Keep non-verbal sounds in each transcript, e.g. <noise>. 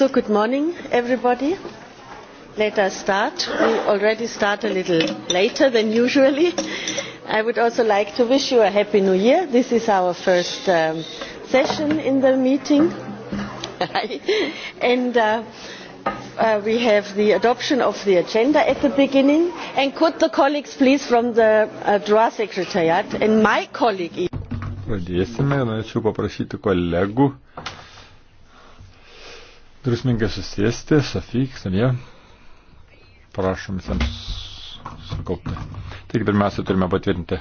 So good morning, everybody. Let us start. We already start a little later than usually. I would also like to wish you a happy new year. This is our first um, session in the meeting. <laughs> and uh, uh, we have the adoption of the agenda at the beginning. And could the colleagues please from the uh, DROA Secretariat and my colleague... Pradėsime, norėčiau paprašyti kolegų Drusmingai susėsti, Sofik, Savie. Prašom visiems sukaupti. Taigi pirmiausia, turime patvirtinti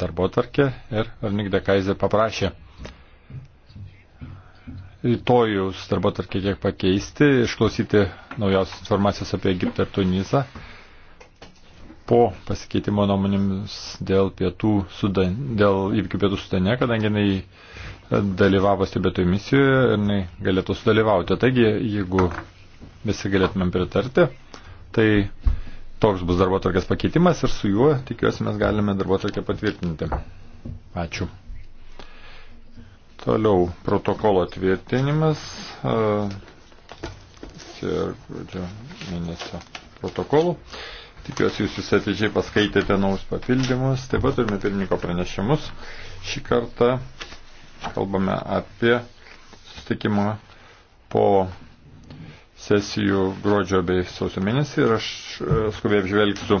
darbo tvarkę ir Arnikda Kaizė paprašė rytojus darbo tvarkę kiek pakeisti, išklausyti naujausios informacijos apie Egiptą ir Tunizą po pasikeitimo nuomonėmis dėl, pietų sudan, dėl įvykių pietų sudane, kadangi jinai dalyvavo stebėtojų misijoje ir jinai galėtų sudalyvauti. Taigi, jeigu visi galėtumėm pritarti, tai toks bus darbo tokias pakeitimas ir su juo, tikiuosi, mes galime darbo tokią patvirtinti. Ačiū. Toliau protokolo tvirtinimas. E, Sirgudžio mėnesio protokolų. Tikiuosi, jūs visi atidžiai paskaitėte naus papildymus. Taip pat turime pirmininko pranešimus. Šį kartą kalbame apie sustikimą po sesijų gruodžio bei sausio mėnesį ir aš e, skubiai apžvelgsiu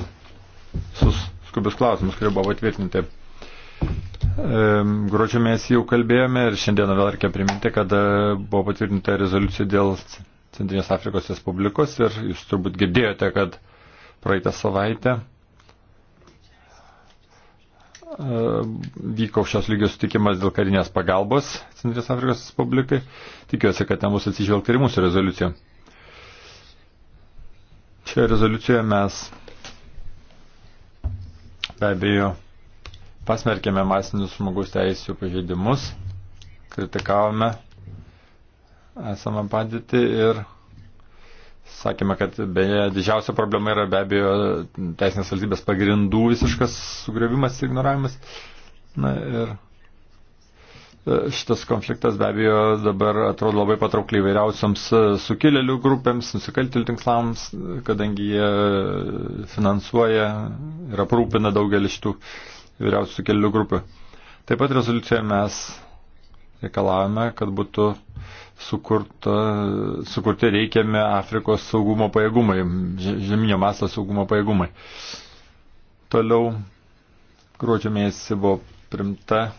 sus skubius klausimus, kurie buvo atvirtinti. E, gruodžio mėnesį jau kalbėjome ir šiandieną vėl reikia priminti, kad e, buvo patvirtinta rezoliucija dėl Centrinės Afrikos Respublikos ir jūs turbūt girdėjote, kad praeitą savaitę E, vyko aukščios lygios sutikimas dėl karinės pagalbos Centrinės Afrikos Respublikai. Tikiuosi, kad ten bus atsižvelgta ir mūsų rezoliucija. Šioje rezoliucijoje mes be abejo pasmerkėme masinius žmogaus teisų pažeidimus, kritikavome esamą padėtį ir Sakėme, kad beje didžiausia problema yra be abejo teisinės valstybės pagrindų visiškas sugrėvimas ir ignoravimas. Na ir e, šitas konfliktas be abejo dabar atrodo labai patraukliai vairiausiams e, sukilėlių grupėms, nusikaltėlių tinklams, kadangi jie e, finansuoja ir aprūpina daugelį šitų vyriausių sukilėlių grupių. Taip pat rezoliucijoje mes reikalavome, kad būtų sukurta, sukurti reikiami Afrikos saugumo pajėgumai, žeminio masto saugumo pajėgumai. Toliau gruodžio mėnesį buvo primta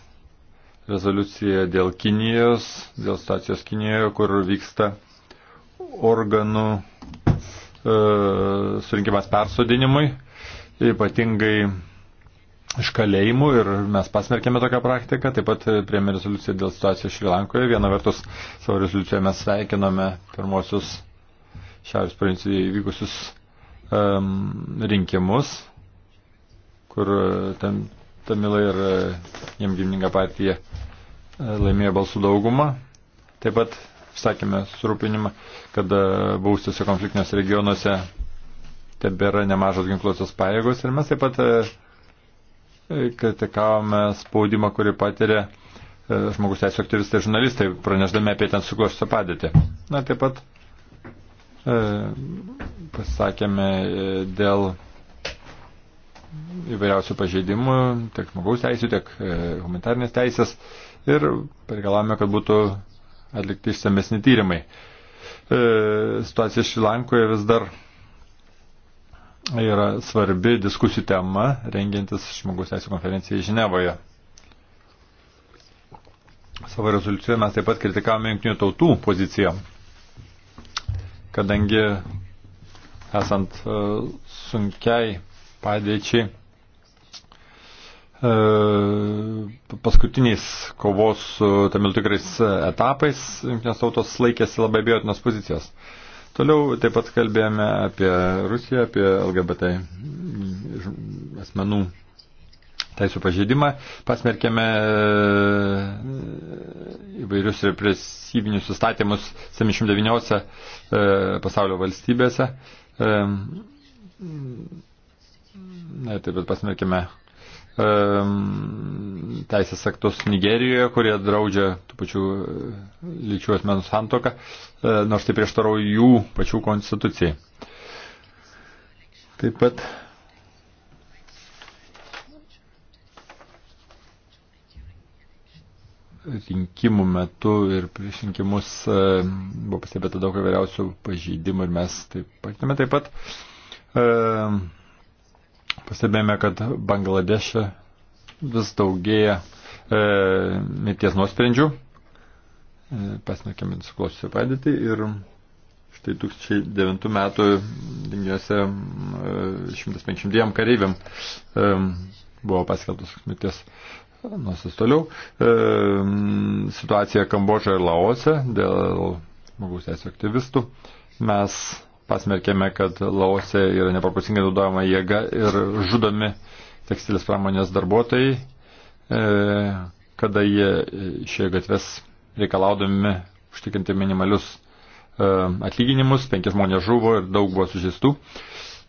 rezoliucija dėl Kinijos, dėl stacijos Kinijoje, kur vyksta organų e, surinkimas persodinimui, ypatingai iš kalėjimų ir mes pasmerkėme tokią praktiką, taip pat e, priėmė rezoliuciją dėl situacijos Šrilankoje. Viena vertus savo rezoliucijoje mes sveikiname pirmosius šiaurės provincijoje įvykusius um, rinkimus, kur e, tam, Tamilai ir e, jam gimninga partija laimėjo balsų daugumą. Taip pat sakėme surūpinimą, kad būstuose konfliktinėse regionuose tebėra nemažos ginkluotos pajėgos ir mes taip pat uh, kritikavome spaudimą, kurį patiria e, žmogus teisų aktyvistai žurnalistai, pranešdami apie ten sukošusią padėtį. Na, taip pat e, pasakėme e, dėl įvairiausių pažeidimų, tiek žmogaus teisų, tiek e, humanitarnės teisės ir pareikalavome, kad būtų atlikti išsamesni tyrimai. E, situacija Šilankoje vis dar yra svarbi diskusijų tema rengiantis žmogus teisų konferencijai Ženevoje. Savo rezoliucijoje mes taip pat kritikavome jungtinių tautų poziciją, kadangi esant e, sunkiai padėčiai e, paskutiniais kovos su tamil tikrais etapais jungtinės tautos laikėsi labai abejotinos pozicijos. Toliau taip pat kalbėjome apie Rusiją, apie LGBT asmenų teisų pažeidimą, pasmerkėme e, įvairius represyvinius įstatymus 709 e, pasaulio valstybėse. E, na, taip pat pasmerkėme Ehm, teisės aktus Nigerijoje, kurie draudžia tų pačių e, lyčių asmenų santoką, e, nors tai prieštarauja jų pačių konstitucijai. Taip pat rinkimų metu ir prieš rinkimus e, buvo pastebėta daug įvairiausių pažeidimų ir mes taip pat, taip pat Pastebėjome, kad Bangladeše vis daugėja e, mirties nuosprendžių. E, Pasmerkėme suklosiusią padėtį ir štai 2009 metų dingiuose e, 152 kareiviam e, buvo paskeltas mirties nuosis toliau. E, situacija Kambodžoje ir Laose dėl žmogaus teisų aktyvistų. Mes pasmerkėme, kad Laose yra neproporcingai naudojama jėga ir žudomi tekstilės pramonės darbuotojai, e, kada jie išėjo gatves reikalaudami užtikrinti minimalius e, atlyginimus, penki žmonės žuvo ir daug buvo sužistų.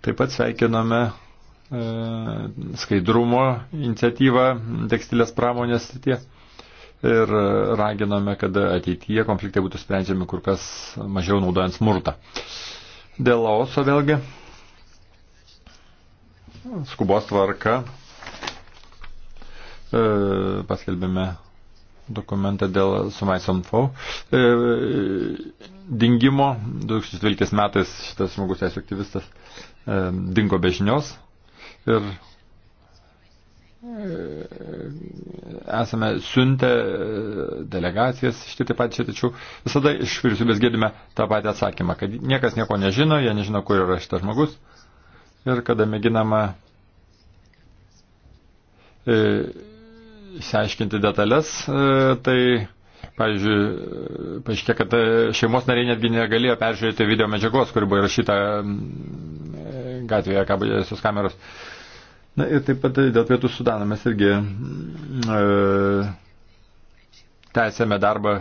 Taip pat sveikiname e, skaidrumo iniciatyvą tekstilės pramonės srityje ir raginame, kad ateityje konfliktai būtų sprendžiami kur kas mažiau naudojant smurtą. Uh, Dėl Laoso vėlgi skubos tvarka e, paskelbėme dokumentą dėl Sumaisamfau. E, dingimo 2012 metais šitas žmogus esu aktyvistas e, dingo be žinios ir esame siuntę e, delegacijas ištirti pačią, tačiau visada iš vyriausybės girdime tą patį atsakymą, kad niekas nieko nežino, jie nežino, kur yra šitas žmogus. Ir kada mėginama e, išsiaiškinti detalės, e, tai, pavyzdžiui, paaiškė, kad šeimos nariai netgi negalėjo peržiūrėti video medžiagos, kuri buvo įrašyta gatvėje, kabusios kameros. kameros Na ir taip pat dėl pietų sudano mes irgi mm, e, tęsėme darbą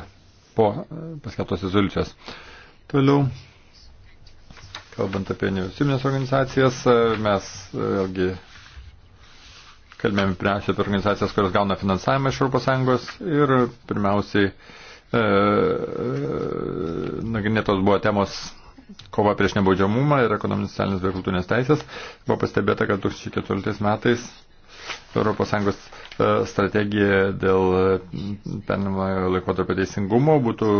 po e, paskelbtos rezoliucijos. Toliau, kalbant apie nevyriausybinės organizacijas, e, mes e, vėlgi kalbėjome pirmiausia apie organizacijas, kurios gauna finansavimą iš ES ir pirmiausiai e, nagrinėtos buvo temos kova prieš nebaudžiamumą ir ekonominis socialinis bei kultūrinės teisės, buvo pastebėta, kad 2014 metais ES e, strategija dėl pernamojo laikotarpio teisingumo būtų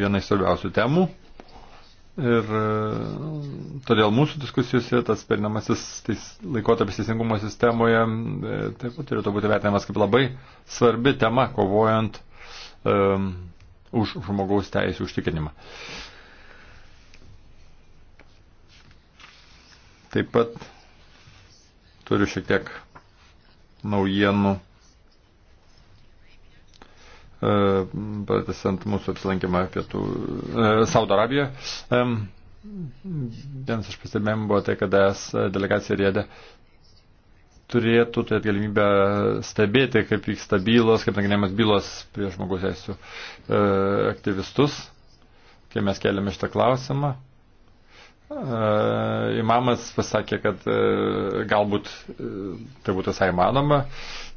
viena iš svarbiausių temų. Ir e, todėl mūsų diskusijose tas perinamasis teis, laikotarpis teisingumo sistemoje e, taip pat turėtų būti vertinamas kaip labai svarbi tema, kovojant um, už žmogaus teisų užtikrinimą. Uh, Taip pat turiu šiek tiek naujienų, e, pratesant mūsų apsilankimą pietų e, Saudo Arabijoje. E, vienas iš pastebėjimų buvo tai, kad es delegacija rėdė turėtų turėti galimybę stebėti, kaip vyksta bylos, kaip nagrinėjamas bylos prieš žmogus teisų e, aktyvistus, kai mes keliame šitą klausimą. Imamas pasakė, kad e, galbūt e, tai būtų visai įmanoma.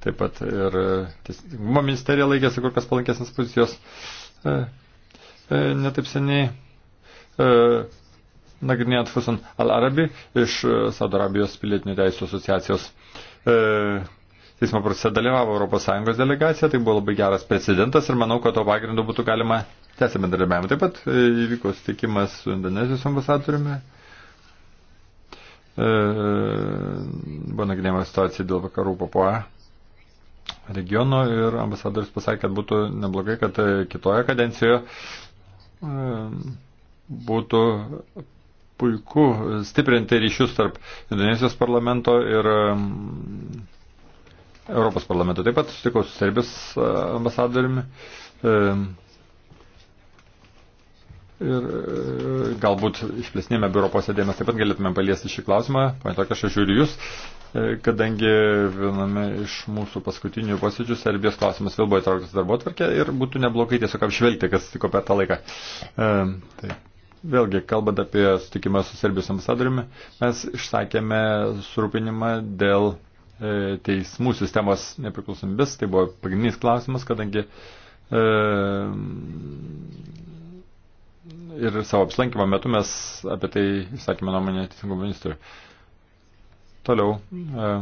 Taip pat ir e, teisingumo ministerija laikėsi kur kas palankesnės pozicijos netaip seniai. Nagrinėjant Fusan Al-Arabi iš Saudo Arabijos pilietinių teisų asociacijos teismo procese dalyvavo ES delegacija, tai buvo labai geras precedentas ir manau, kad to pagrindu būtų galima Tęsėme bendradarbiavimą. Taip pat e, įvyko sutikimas su Indonezijos ambasatoriumi. E, e, buvo nagrinėjama situacija dėl vakarų papoje regiono ir ambasadoris pasakė, kad būtų neblogai, kad e, kitoje kadencijoje būtų puiku stiprinti ryšius tarp Indonezijos parlamento ir Europos parlamento. Taip pat sutikau su Serbijos ambasadoriumi Ir e, galbūt išplėsnėme biuro posėdėje mes taip pat galėtume paliesti šį klausimą. Pane tokia, aš žiūriu jūs, e, kadangi viename iš mūsų paskutinių posėdžių Serbijos klausimas vėl buvo įtrauktas darbo atvarkė ir būtų neblogai tiesiog apžvelgti, kas tiko per tą laiką. E, tai. Vėlgi, kalbant apie sutikimą su Serbijos ambasadoriumi, mes išsakėme surūpinimą dėl e, teismų sistemos nepriklausomybės. Tai buvo pagrindinis klausimas, kadangi e, ir savo apsilankimo metu mes apie tai sakėme nuomonę teisingumo ministrui. Toliau. E,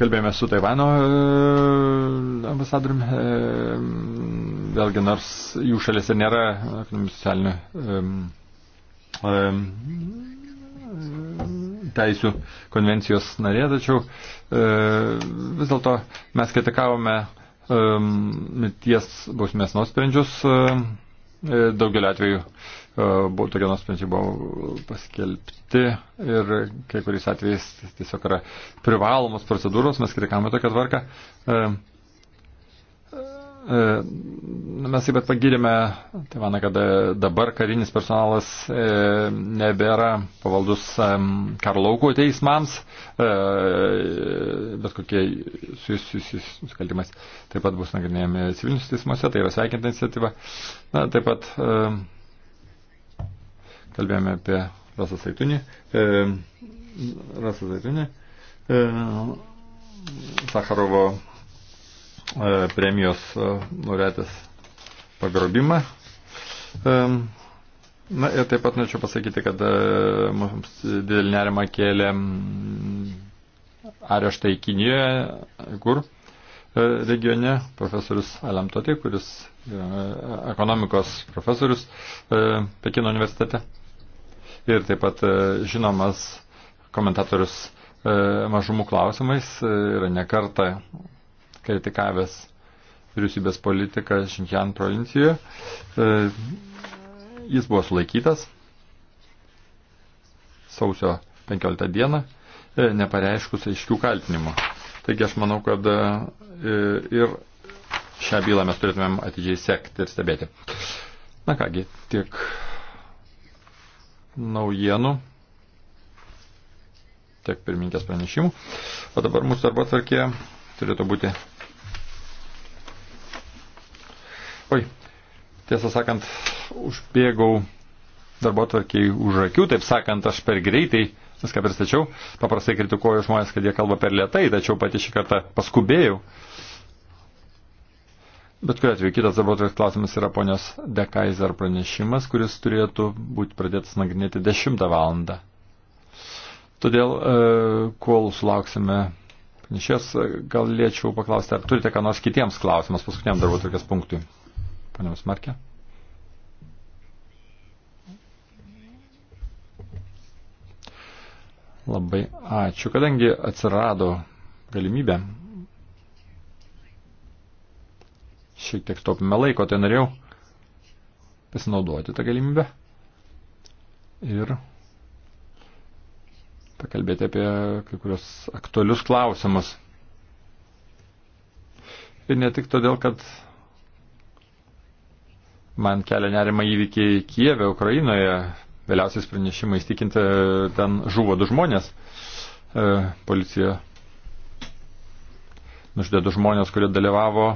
Kalbėjome su Taivano e, ambasadoriumi, e, vėlgi nors jų šalėse nėra socialinių e, teisų konvencijos narė, tačiau e, vis dėlto mes kritikavome e, ties bausmės nuosprendžius e, daugeliu atveju buvo tokie nuosprendžiai buvo paskelbti ir kai kuriais atvejais tiesiog yra privalomos procedūros, mes kritikavome tokią tvarką. E, mes taip pat pagirime Taivaną, kad e, dabar karinis personalas e, nebėra pavaldus karlaukų teismams, bet kokie susijusius nusikaltimais taip pat bus nagrinėjami civilinius teismuose, tai yra sveikinta iniciatyva. Na, taip pat kalbėjome apie Rasą Saitunį. Rasą Saitunį. Sakarovo E, premijos e, laureatės pagrobimą. E, na ir taip pat norėčiau pasakyti, kad mums didelį nerimą kėlė areštai Kinijoje, kur regione profesorius Alamtoti, kuris ekonomikos profesorius Pekino universitete. Ir taip pat žinomas komentatorius mažumų klausimais yra nekarta kritikavęs vyriausybės politiką Šinkian provincijoje. E, jis buvo sulaikytas sausio 15 dieną, e, nepareiškus aiškių kaltinimų. Taigi aš manau, kad e, ir šią bylą mes turėtumėm atidžiai sekti ir stebėti. Na kągi, tiek naujienų tiek pirminkės pranešimų. O dabar mūsų darbo tvarkė turėtų būti Oi, tiesą sakant, užbėgau darbo tvarkiai už akių, taip sakant, aš per greitai viską pristačiau. Paprastai kritikuoju žmonės, kad jie kalba per lietai, tačiau pati šį kartą paskubėjau. Bet kuriuo atveju kitas darbuotojas klausimas yra ponios Dekaiser pranešimas, kuris turėtų būti pradėtas nagrinėti 10 valandą. Todėl, e, kol sulauksime pranešės, galėčiau paklausti, ar turite ką nors kitiems klausimas paskutiniam darbuotojas punktui. Poniaus Markė. Labai ačiū, kadangi atsirado galimybė. Šiek tiek taupime laiko, tai norėjau pasinaudoti tą galimybę ir pakalbėti apie kai kurios aktualius klausimus. Ir ne tik todėl, kad Man kelia nerima įvykiai Kijeve, Ukrainoje. Vėliausiais pranešimais tikinti, ten žuvo du žmonės. E, policija nužudė du žmonės, kurie dalyvavo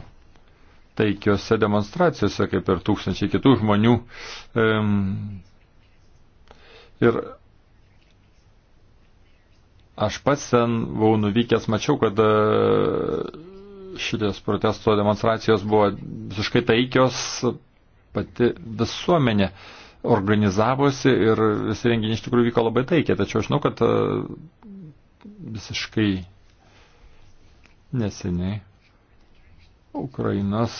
taikiose demonstracijose, kaip ir tūkstančiai kitų žmonių. E, ir aš pats ten buvau nuvykęs, mačiau, kad e, šitės protesto demonstracijos buvo visiškai taikios, pati visuomenė organizavosi ir visi renginiai iš tikrųjų vyko labai taikiai, tačiau aš žinau, kad e, visiškai neseniai Ukrainos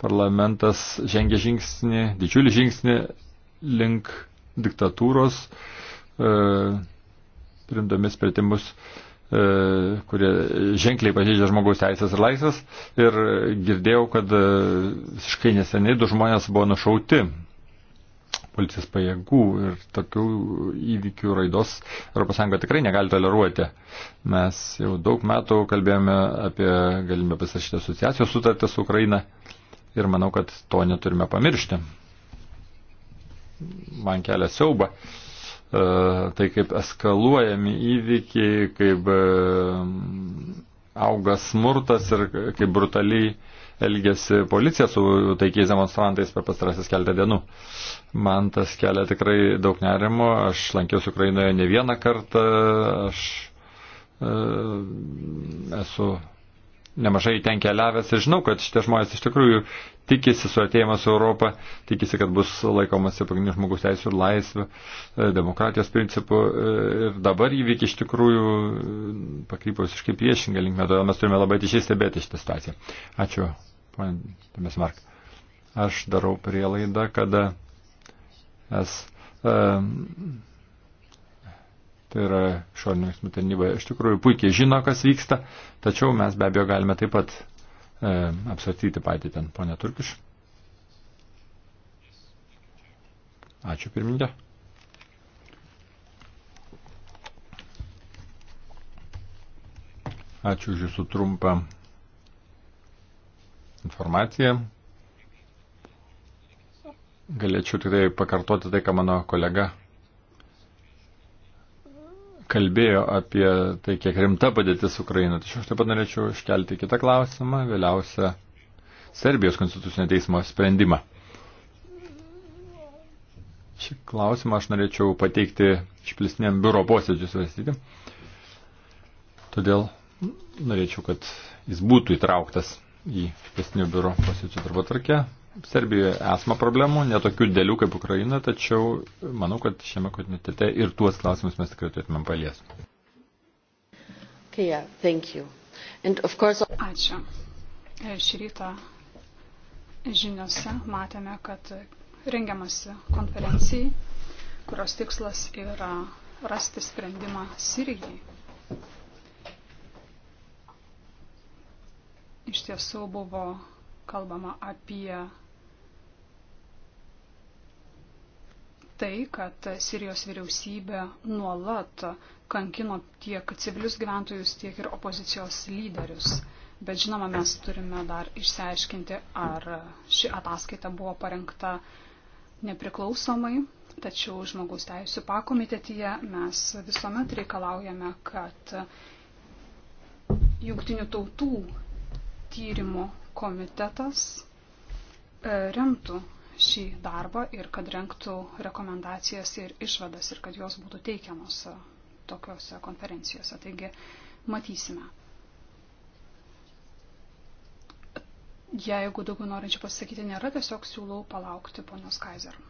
parlamentas žengė žingsnį, didžiulį žingsnį link diktatūros, e, primdami sprendimus E, kurie ženkliai pažeidžia žmogaus teisės ir laisvės. Ir girdėjau, kad e, visiškai neseniai du žmonės buvo nušauti policijos pajėgų ir tokių įvykių raidos ES tikrai negali toleruoti. Mes jau daug metų kalbėjome apie galimybę pasirašyti asociacijos sutartį su Ukraina ir manau, kad to neturime pamiršti. Man kelia siauba, E, tai kaip eskaluojami įvykiai, kaip e, auga smurtas ir kaip brutaliai elgėsi policija su taikiais demonstrantais per pastarasis keletą dienų. Man tas kelia tikrai daug nerimo. Aš lankiausi Ukrainoje ne vieną kartą. Aš e, esu nemažai ten keliavęs ir žinau, kad šitie žmonės iš tikrųjų tikisi su ateimas Europą, tikisi, kad bus laikomasi pagrindinių žmogus teisų ir laisvių, e, demokratijos principų. E, ir dabar įvykiai iš tikrųjų e, pakrypo visiškai priešingą linkmę, todėl mes turime labai tiešiai stebėti šitą situaciją. Ačiū, ponė Tomės Mark. Aš darau prielaidą, kada es. Um, tai yra išorinio veiksmų tarnyba, iš tikrųjų puikiai žino, kas vyksta, tačiau mes be abejo galime taip pat e, apsvarstyti patį ten, ponė Turkiš. Ačiū pirmininkė. Ačiū už jūsų trumpą informaciją. Galėčiau tikrai pakartoti tai, ką mano kolega kalbėjo apie tai, kiek rimta padėtis Ukraina. Tačiau aš taip pat norėčiau iškelti kitą klausimą, vėliausia Serbijos konstitucinio teismo sprendimą. Šį klausimą aš norėčiau pateikti išplėsniam biuro posėdžiu svarstyti. Todėl norėčiau, kad jis būtų įtrauktas į išplėsnių biuro posėdžių darbo tvarkę. Serbijoje esama problemų, netokių dėlių kaip Ukraina, tačiau manau, kad šiame kontinente ir tuos klausimus mes tikrai turėtumėm paliesti. Okay, yeah, thank you. And of course... Ačiū. Šį rytą žiniuose matėme, kad rengiamasi konferencijai, kurios tikslas yra rasti sprendimą Sirijai. Iš tiesų buvo kalbama apie tai, kad Sirijos vyriausybė nuolat kankino tiek civilius gyventojus, tiek ir opozicijos lyderius. Bet žinoma, mes turime dar išsiaiškinti, ar ši ataskaita buvo parengta nepriklausomai, tačiau žmogaus teisų pakomitetyje mes visuomet reikalaujame, kad jungtinių tautų tyrimo komitetas e, remtų šį darbą ir kad renktų rekomendacijas ir išvadas ir kad jos būtų teikiamos e, tokiuose konferencijose. Taigi matysime. Jeigu daugiau norinčių pasakyti nėra, tiesiog siūlau palaukti ponios Kaiser.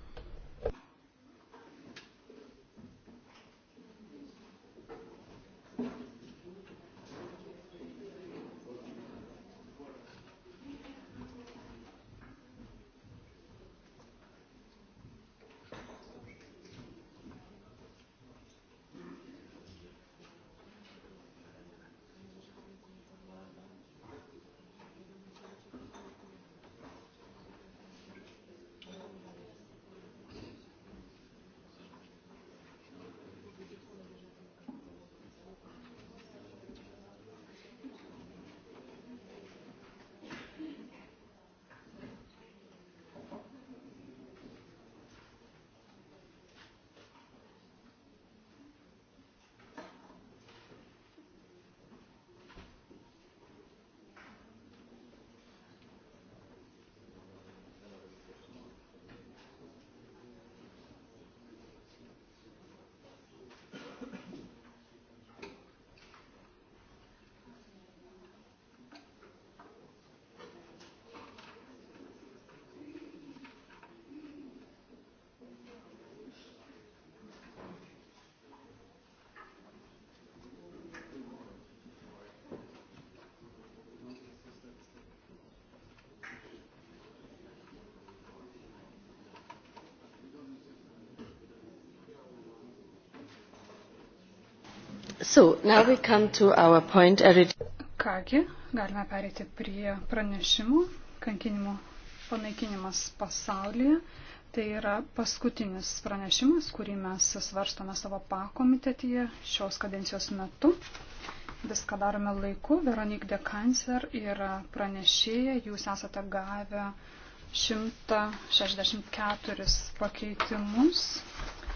So, now we come to our point. Kągi, galime perėti prie pranešimų. Kankinimų panaikinimas pasaulyje. Tai yra paskutinis pranešimas, kurį mes svarstome savo pakomitetyje šios kadencijos metu. Viską darome laiku. Veronik de Kancer yra pranešėja. Jūs esate gavę 164 pakeitimus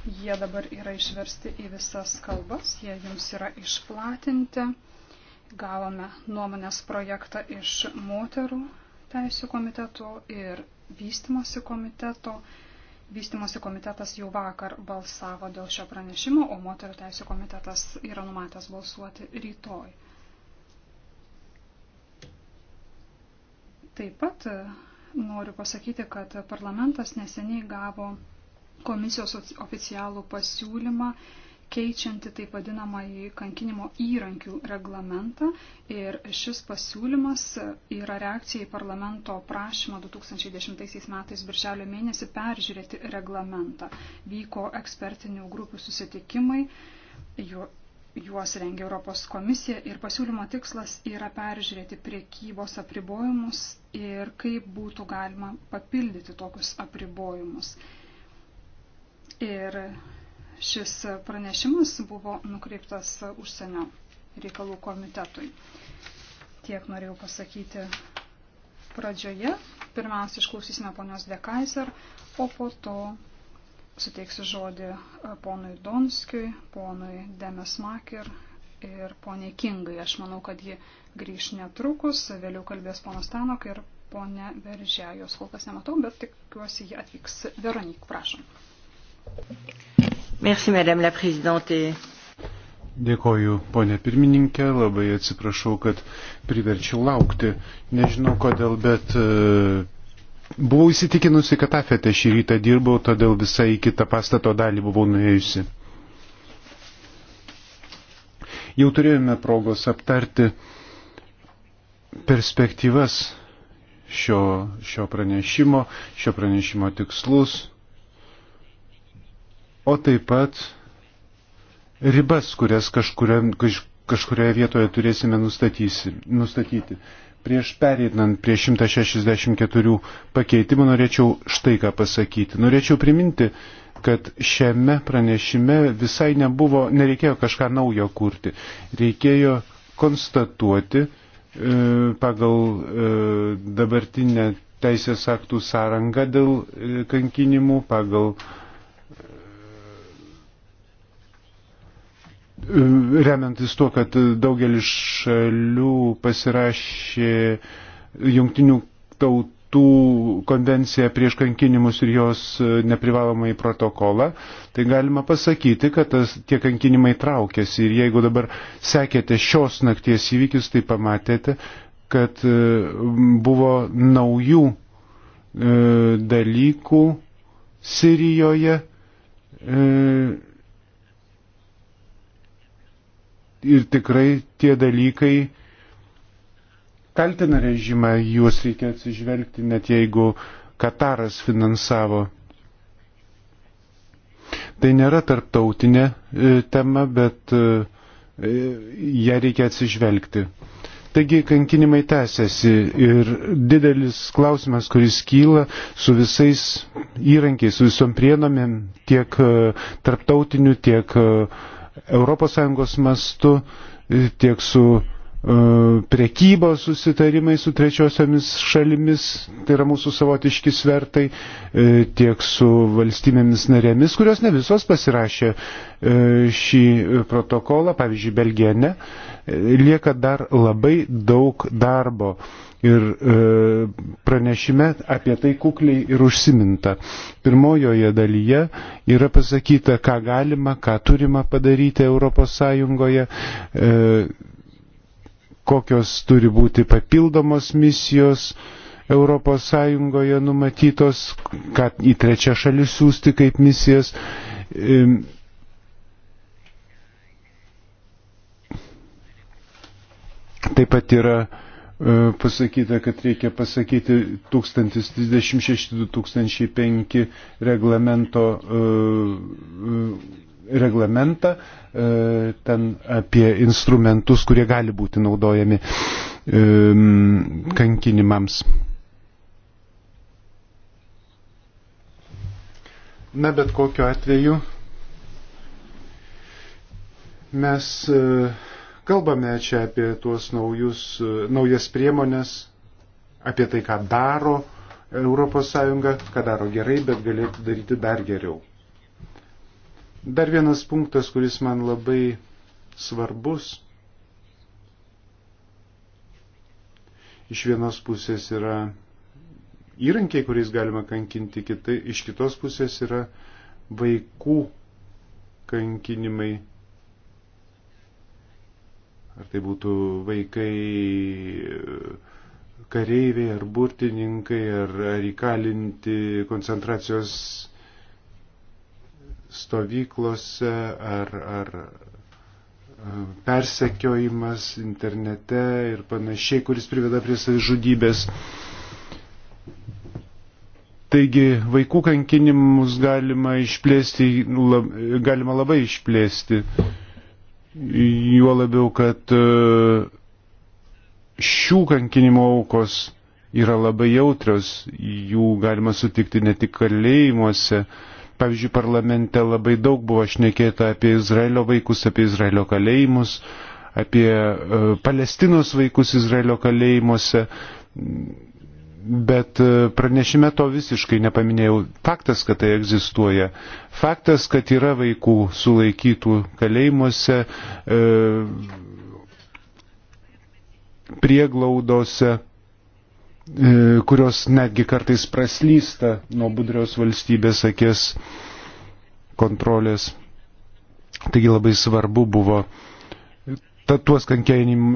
Jie dabar yra išversti į visas kalbas, jie jums yra išplatinti. Gavome nuomonės projektą iš moterų teisų komiteto ir vystimosi komiteto. Vystimosi komitetas jau vakar balsavo dėl šio pranešimo, o moterų teisų komitetas yra numatęs balsuoti rytoj. Taip pat e, noriu pasakyti, kad parlamentas neseniai gavo komisijos oficialų pasiūlymą keičianti taip vadinamąjį kankinimo įrankių reglamentą ir šis pasiūlymas yra reakcija į parlamento prašymą 2010 metais birželio mėnesį peržiūrėti reglamentą. Vyko ekspertinių grupių susitikimai, ju, juos rengia Europos komisija ir pasiūlymo tikslas yra peržiūrėti priekybos apribojimus ir kaip būtų galima papildyti tokius apribojimus. Ir šis pranešimas buvo nukreiptas užsienio reikalų komitetui. Tiek norėjau pasakyti pradžioje. Pirmiausia, išklausysime ponios Dekaiser, o po to suteiksiu žodį e, ponui Donskiui, ponui Demesmaker ir poniai Kingai. Aš manau, kad ji grįž netrukus, vėliau kalbės ponas Tanok ir ponė Veržė. Jos kol kas nematau, bet tikiuosi, ji atvyks. Veronik, prašom. Merci, Madame la Présidente. Dėkoju, ponė pirmininkė, labai atsiprašau, kad priverčiau laukti. Nežinau kodėl, bet e, buvau įsitikinusi, kad afete šį rytą dirbau, todėl visai kitą pastato dalį buvau nuėjusi. Jau turėjome progos aptarti perspektyvas šio, šio pranešimo, šio pranešimo tikslus o taip pat ribas, kurias kažkuria, kažkurioje vietoje turėsime nustatyti. Prieš pereidant prie 164 pakeitimų norėčiau štai ką pasakyti. Norėčiau priminti, kad šiame pranešime visai nebuvo, nereikėjo kažką naujo kurti. Reikėjo konstatuoti e, pagal e, dabartinę teisės aktų sąrangą dėl e, kankinimų, pagal e, remiantis tuo, kad daugelis šalių pasirašė jungtinių tautų konvenciją prieš kankinimus ir jos neprivalomai protokolą, tai galima pasakyti, kad tas, tie kankinimai traukėsi. Ir jeigu dabar sekėte šios nakties įvykis, tai pamatėte, kad e, buvo naujų e, dalykų Sirijoje e, ir tikrai tie dalykai kaltina režimą, juos reikia atsižvelgti, net jeigu Kataras finansavo. Tai nėra tarptautinė e, tema, bet e, e, ją reikia atsižvelgti. Taigi kankinimai tęsiasi ir didelis klausimas, kuris kyla su visais įrankiais, su visom prienomėm, tiek tarptautiniu, tiek uh, ES mastu, e, tiek su e, priekybos susitarimai su trečiosiomis šalimis, tai yra mūsų savotiški svertai, e, tiek su valstybėmis narėmis, kurios ne visos pasirašė šį protokolą, pavyzdžiui, Belgija ne, lieka dar labai daug darbo Ir e, pranešime apie tai kukliai ir užsiminta. Pirmojoje dalyje yra pasakyta, ką galima, ką turima padaryti ES, e, kokios turi būti papildomos misijos. ES numatytos, kad į trečią šalį siūsti kaip misijas. E, taip pat yra E, pasakyta, kad reikia pasakyti 1036-2005 reglamento, e, e, reglamentą, ten apie instrumentus, kurie gali būti naudojami kankinimams. Na, bet kokiu atveju mes uh, Kalbame čia apie tuos naujus, naujas priemonės, apie tai, ką daro ES, ką daro gerai, bet galėtų daryti dar geriau. Dar vienas punktas, kuris man labai svarbus. Iš vienos pusės yra įrankiai, kuriais galima kankinti, kitai, iš kitos pusės yra vaikų kankinimai Ar tai būtų vaikai, kareiviai, ar burtininkai, ar, ar įkalinti koncentracijos stovyklose, ar, ar uh, persekiojimas internete ir panašiai, kuris priveda prie savižudybės. Taigi vaikų kankinimus galima išplėsti, galima labai išplėsti. Juo labiau, kad e, šių kankinimo aukos yra labai jautrios, jų galima sutikti ne tik kalėjimuose. Pavyzdžiui, parlamente labai daug buvo šnekėta apie Izraelio vaikus, apie Izraelio kalėjimus, apie e, Palestinos vaikus Izraelio kalėjimuose bet e, pranešime to visiškai nepaminėjau. Faktas, kad tai egzistuoja. Faktas, kad yra vaikų sulaikytų kalėjimuose, e, prieglaudose, e, kurios netgi kartais praslysta nuo budrios valstybės akės kontrolės. Taigi labai svarbu buvo Tad tuos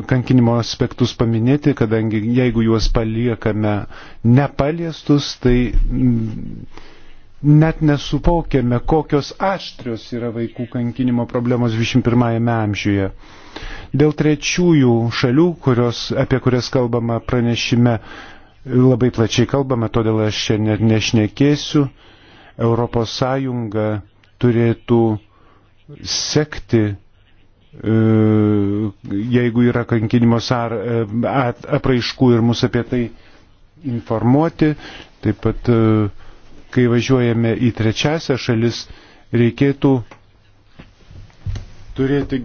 kankinimo aspektus paminėti, kadangi jeigu juos paliekame nepaliestus, tai mm, net nesupokėme, kokios aštrios yra vaikų kankinimo problemos 21-ame amžiuje. Dėl trečiųjų šalių, kurios, apie kurias kalbama pranešime, labai plačiai kalbame, todėl aš čia net nešnekėsiu. Europos Sąjunga turėtų sekti E, jeigu yra kankinimo sar, e, at, apraiškų ir mus apie tai informuoti. Taip pat, e, kai važiuojame į trečiasią šalis, reikėtų turėti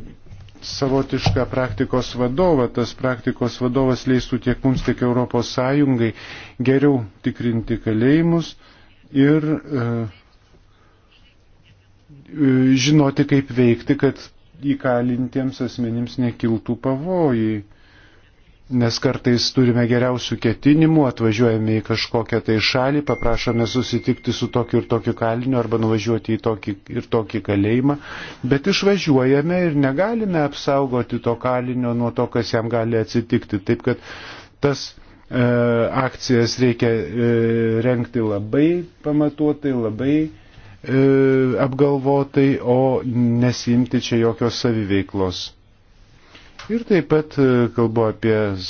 savotišką praktikos vadovą. Tas praktikos vadovas leistų tiek mums, tiek Europos Sąjungai geriau tikrinti kalėjimus ir e, žinoti, kaip veikti, kad įkalintiems asmenims nekiltų pavojai. Nes kartais turime geriausių ketinimų, atvažiuojame į kažkokią tai šalį, paprašome susitikti su tokiu ir tokiu kaliniu arba nuvažiuoti į tokį ir tokį kalėjimą, bet išvažiuojame ir negalime apsaugoti to kalinio nuo to, kas jam gali atsitikti. Taip kad tas e, akcijas reikia e, renkti labai pamatuotai, labai e, E, apgalvotai, o nesimti čia jokios saviveiklos. Ir taip pat e, kalbu apie ES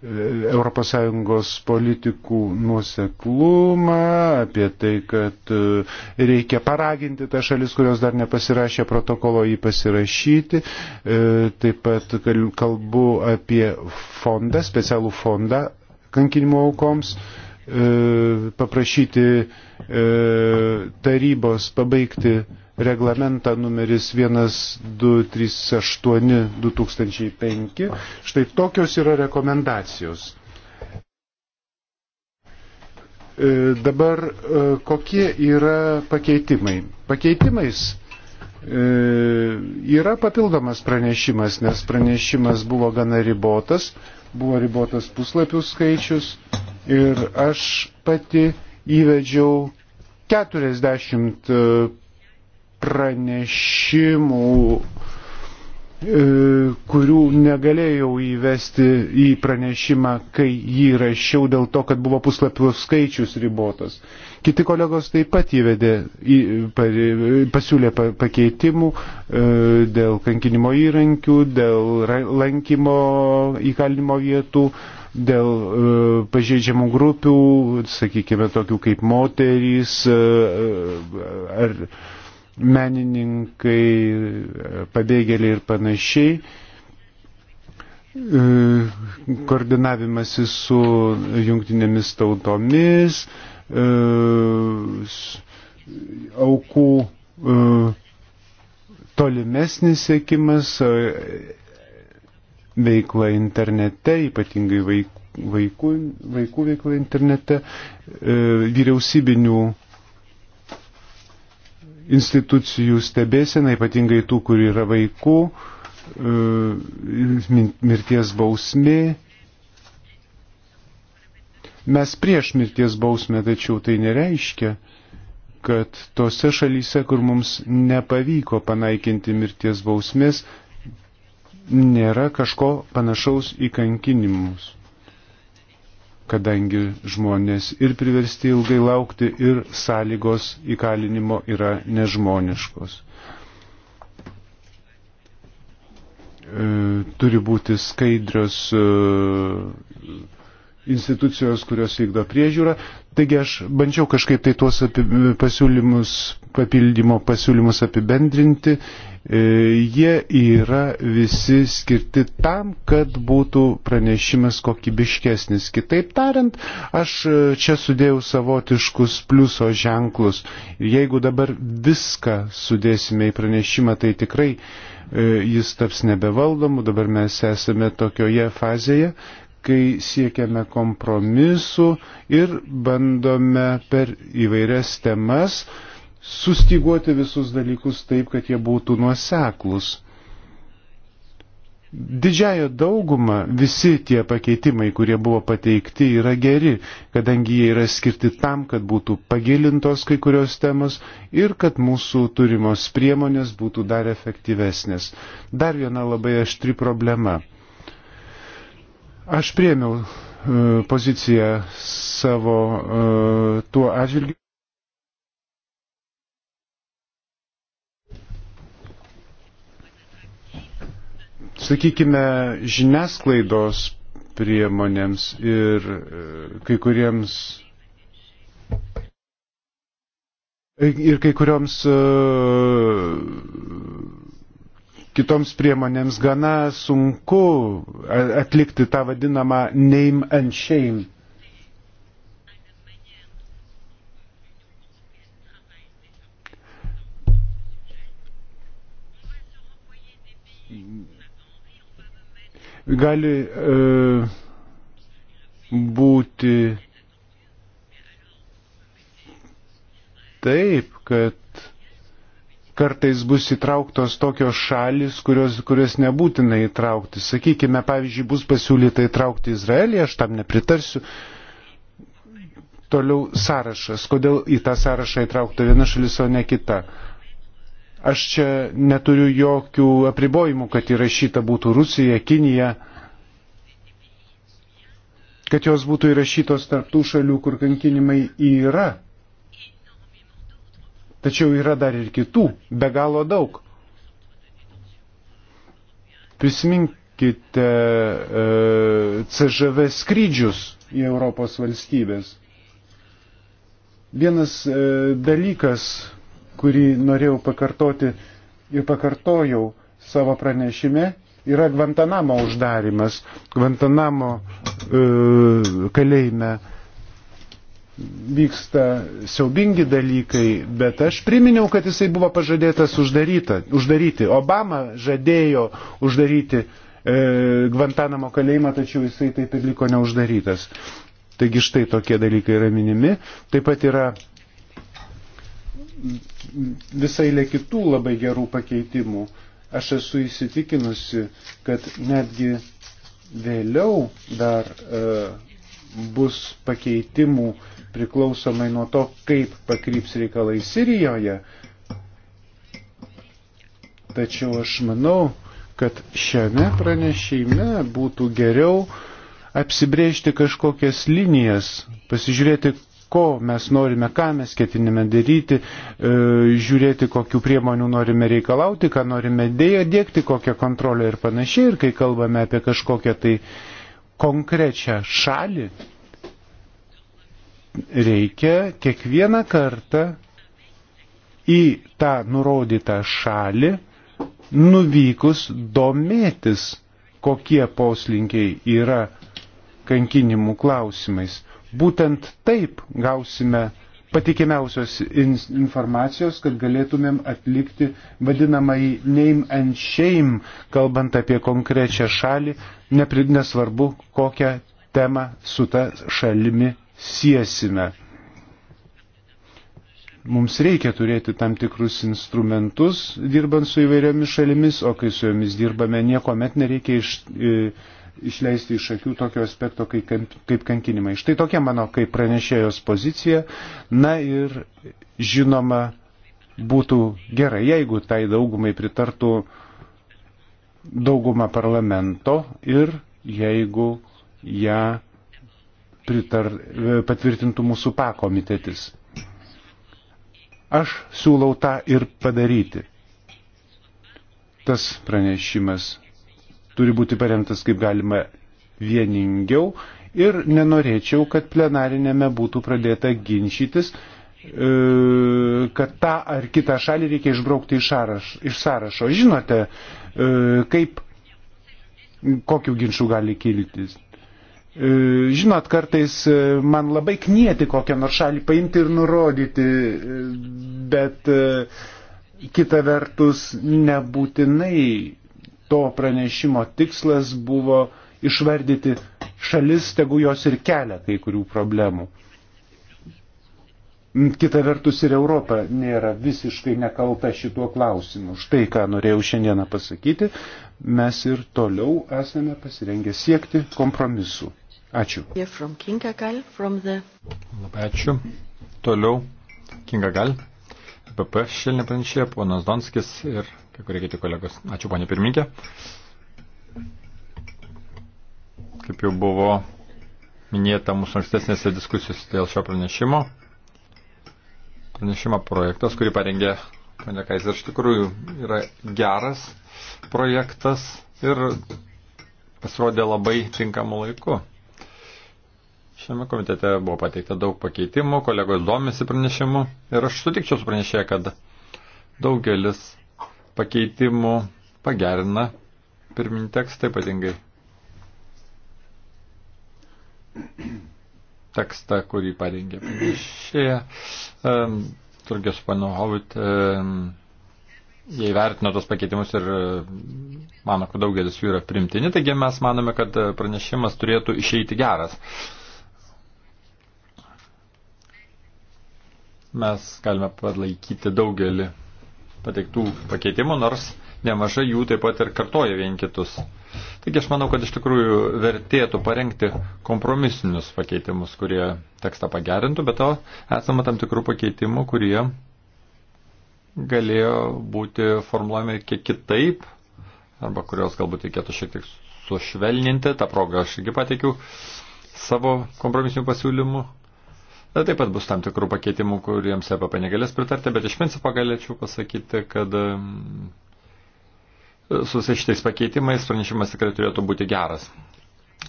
e, politikų nuoseklumą, apie tai, kad reikia paraginti tą šalis, kurios dar nepasirašė protokolo jį pasirašyti. Taip pat kalbu apie fondą, specialų fondą kankinimo aukoms. E, paprašyti e, tarybos pabaigti reglamentą numeris 1238-2005. Štai tokios yra rekomendacijos. E, dabar kokie yra pakeitimai? Pakeitimais yra papildomas pranešimas, nes pranešimas buvo gana ribotas, buvo ribotas puslapių skaičius, ir aš pati įvedžiau 40 e, pranešimų, e, kurių negalėjau įvesti į pranešimą, kai jį rašiau dėl to, kad buvo puslapių skaičius ribotas. Kiti kolegos taip pat įvedė, į, pasiūlė pakeitimų e, dėl kankinimo įrankių, dėl lankymo įkalinimo vietų, dėl e, pažeidžiamų grupių, sakykime, tokių kaip moterys e, e ar menininkai, e, pabėgėliai ir panašiai. E, koordinavimasis su jungtinėmis tautomis, e, aukų e, tolimesnis sėkimas, e, veikla internete, ypatingai vaikų, vaikų veikla internete, e, vyriausybinių institucijų stebėsena, ypatingai tų, kur yra vaikų, e, mirties bausmė. Mes prieš mirties bausmę, tačiau tai nereiškia, kad tose šalyse, kur mums nepavyko panaikinti mirties bausmės, nėra kažko panašaus į kankinimus, kadangi žmonės ir priversti ilgai laukti, ir sąlygos įkalinimo yra nežmoniškos. E, turi būti skaidrios e, institucijos, kurios vykdo priežiūrą. Taigi aš bandžiau kažkaip tai tuos api, pasiūlymus, papildymo pasiūlymus apibendrinti. E, jie yra visi skirti tam, kad būtų pranešimas kokybiškesnis. Kitaip tariant, aš čia sudėjau savotiškus pliuso ženklus. Ir jeigu dabar viską sudėsime į pranešimą, tai tikrai e, jis taps nebevaldomu. Dabar mes esame tokioje fazėje, kai siekiame kompromisų ir bandome per įvairias temas sustiguoti visus dalykus taip, kad jie būtų nuoseklus. Didžiaja dauguma visi tie pakeitimai, kurie buvo pateikti, yra geri, kadangi jie yra skirti tam, kad būtų pagilintos kai kurios temos ir kad mūsų turimos priemonės būtų dar efektyvesnės. Dar viena labai aštri problema Aš priemiau e, poziciją savo e, tuo atžvilgiu. Sakykime, žiniasklaidos priemonėms ir e, kai kuriems ir kai kurioms uh, kitoms priemonėms gana sunku atlikti tą vadinamą name and shame. Gali e, būti taip, kad kartais bus įtrauktos tokios šalis, kurios, kurios nebūtina įtraukti. Sakykime, pavyzdžiui, bus pasiūlyta įtraukti Izraelį, aš tam nepritarsiu. Toliau sąrašas. Kodėl į tą sąrašą įtraukta viena šalis, o ne kita? Aš čia neturiu jokių apribojimų, kad įrašyta būtų Rusija, Kinija, kad jos būtų įrašytos tarptų šalių, kur kankinimai yra Tačiau yra dar ir kitų, be galo daug. Prisiminkite e, CŽV skrydžius į Europos valstybės. Vienas e, dalykas, kurį norėjau pakartoti ir pakartojau savo pranešime, yra Gvantanamo uždarimas. Gvantanamo e, kalėjime e, vyksta siaubingi dalykai, bet aš priminiau, kad jisai buvo pažadėtas uždaryta, uždaryti. Obama žadėjo uždaryti e, Gvantanamo kalėjimą, tačiau jisai taip ir liko neuždarytas. Taigi štai tokie dalykai yra minimi. Taip pat yra visai lė kitų labai gerų pakeitimų. Aš esu įsitikinusi, kad netgi vėliau dar e, bus pakeitimų e, priklausomai nuo to, kaip pakryps reikalai Sirijoje. Tačiau aš manau, kad šiame pranešime būtų geriau apsibrėžti kažkokias linijas, pasižiūrėti, ko mes norime, ką mes ketinime daryti, e, žiūrėti, kokiu priemonių norime reikalauti, ką norime dėja dėkti, kokią kontrolę ir panašiai. Ir kai kalbame apie kažkokią tai konkrečią šalį, reikia kiekvieną kartą į tą nurodytą šalį nuvykus domėtis, kokie poslinkiai yra kankinimų klausimais. Būtent taip gausime patikimiausios informacijos, kad galėtumėm atlikti vadinamąjį name and shame, kalbant apie konkrečią šalį, nesvarbu, kokią temą su ta šalimi siesime. Mums reikia turėti tam tikrus instrumentus, dirbant su įvairiomis šalimis, o kai su jomis dirbame, nieko met nereikia iš, e, išleisti iš akių tokio aspekto kaip, kaip kankinimai. Štai tokia mano kaip pranešėjos pozicija. Na ir žinoma, būtų gerai, jeigu tai daugumai pritartų dauguma parlamento ir jeigu ją pritar, e, patvirtintų mūsų pakomitetis. Aš siūlau tą ir padaryti. Tas pranešimas turi būti paremtas kaip galima vieningiau ir nenorėčiau, kad plenarinėme būtų pradėta ginčytis, e, kad tą ar kitą šalį reikia išbraukti iš, sąraš, iš sąrašo. Žinote, e, kaip, kokių ginčių gali kiltis. E, žinot, kartais e, man labai knieti kokią nors šalį paimti ir nurodyti, e, bet kita vertus nebūtinai to pranešimo tikslas buvo išvardyti šalis, tegu jos ir kelia kai kurių problemų. Kita vertus ir Europa nėra visiškai nekalta šituo klausimu. Štai ką norėjau šiandieną pasakyti, mes ir toliau esame pasirengę siekti kompromisu. Ačiū. From Kingagal, from the... Labai ačiū. Toliau Kinga Gal, PP šilnė pranešė, ponas Donskis ir kai kurie kiti kolegos. Ačiū, ponė pirmininkė. Kaip jau buvo minėta mūsų ankstesnėse diskusijose dėl šio pranešimo. Pranešimo projektas, kurį parengė ponė Kaisė, iš tikrųjų yra geras projektas ir pasirodė labai tinkamu laiku. Šiame komitete buvo pateikta daug pakeitimų, kolegos domisi pranešimu ir aš sutikčiau su pranešėja, kad daugelis pakeitimų pagerina pirminį tekstą ypatingai. Tekstą, kurį parengė pranešėja. Um, Turgės panu Hovit, um, jie įvertino tos pakeitimus ir mano, kad daugelis jų yra primtini, taigi mes manome, kad pranešimas turėtų išeiti geras. Uh, Mes galime palaikyti daugelį pateiktų pakeitimų, nors nemažai jų taip pat ir kartoja vien kitus. Taigi aš manau, kad iš tikrųjų vertėtų parengti kompromisinius pakeitimus, kurie tekstą pagerintų, bet to esama tam tikrų pakeitimų, kurie galėjo būti formuluojami kiek kitaip, arba kurios galbūt reikėtų šiek tiek sušvelninti. Ta proga aš irgi pateikiau savo kompromisinių pasiūlymų Na, taip pat bus tam tikrų pakeitimų, kuriems EPP negalės pritarti, bet iš principo galėčiau pasakyti, kad e, su šitais pakeitimais pranešimas tikrai turėtų būti geras.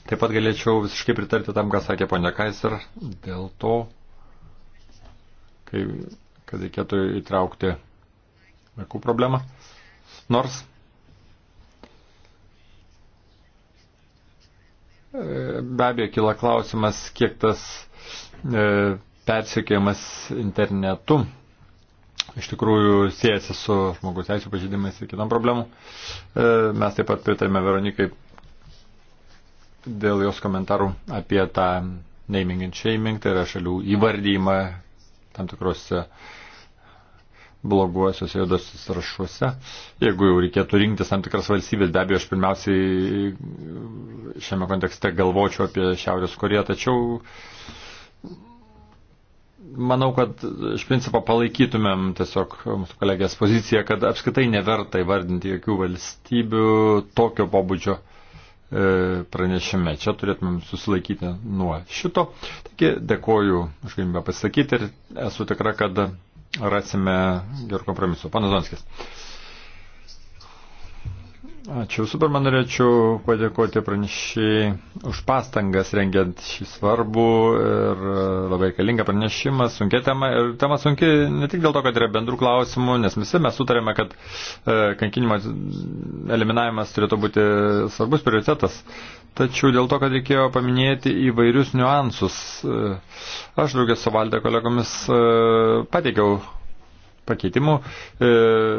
Taip pat galėčiau visiškai pritarti tam, ką sakė ponia Kaiser, dėl to, kai, kad reikėtų įtraukti vaikų problemą. Nors e, be abejo kila klausimas, kiek tas E, persekiojimas internetu iš tikrųjų siejasi su žmogus teisų pažydimais ir kitam problemu. E, mes taip pat pritarėme Veronikai dėl jos komentarų apie tą naming and shaming, tai yra šalių įvardyjimą tam tikrose bloguosiuose juodosios rašuose. Jeigu jau reikėtų rinktis tam tikras valstybės, be abejo, aš pirmiausiai šiame kontekste galvočiau apie Šiaurės Koreją, tačiau uh, Manau, kad iš principo palaikytumėm tiesiog mūsų kolegės poziciją, kad apskritai neverta įvardinti jokių valstybių tokio pobūdžio e, pranešime. Čia turėtumėm susilaikyti nuo šito. Taigi dėkoju už galimybę pasakyti ir esu tikra, kad rasime gerų kompromisų. Panas Donskis. Ačiū. Visų pirma, norėčiau padėkoti pranešiai už pastangas rengiant šį svarbų ir e, labai reikalingą pranešimą, sunkia tema. Ir tema sunki ne tik dėl to, kad yra bendrų klausimų, nes visi mes sutarėme, kad e, kankinimo eliminavimas turėtų būti svarbus prioritetas. Tačiau dėl to, kad reikėjo paminėti įvairius niuansus, e, aš draugės su valdė kolegomis pateikiau pakeitimų,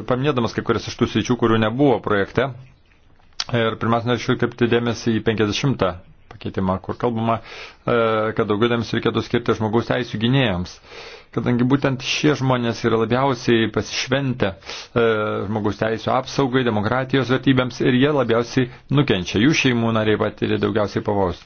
paminėdamas kai kurias iš tų sričių, kurių nebuvo projekte. Ir pirmiausia, norėčiau kreipti dėmesį į 50 pakeitimą, kur kalbama, e, kad daugiau dėmesio reikėtų skirti žmogaus teisų gynėjams. Kadangi būtent šie žmonės yra labiausiai pasišventę e, žmogaus teisų apsaugai, demokratijos vertybėms ir jie labiausiai nukenčia. Jų šeimų nariai patiria daugiausiai pavojus.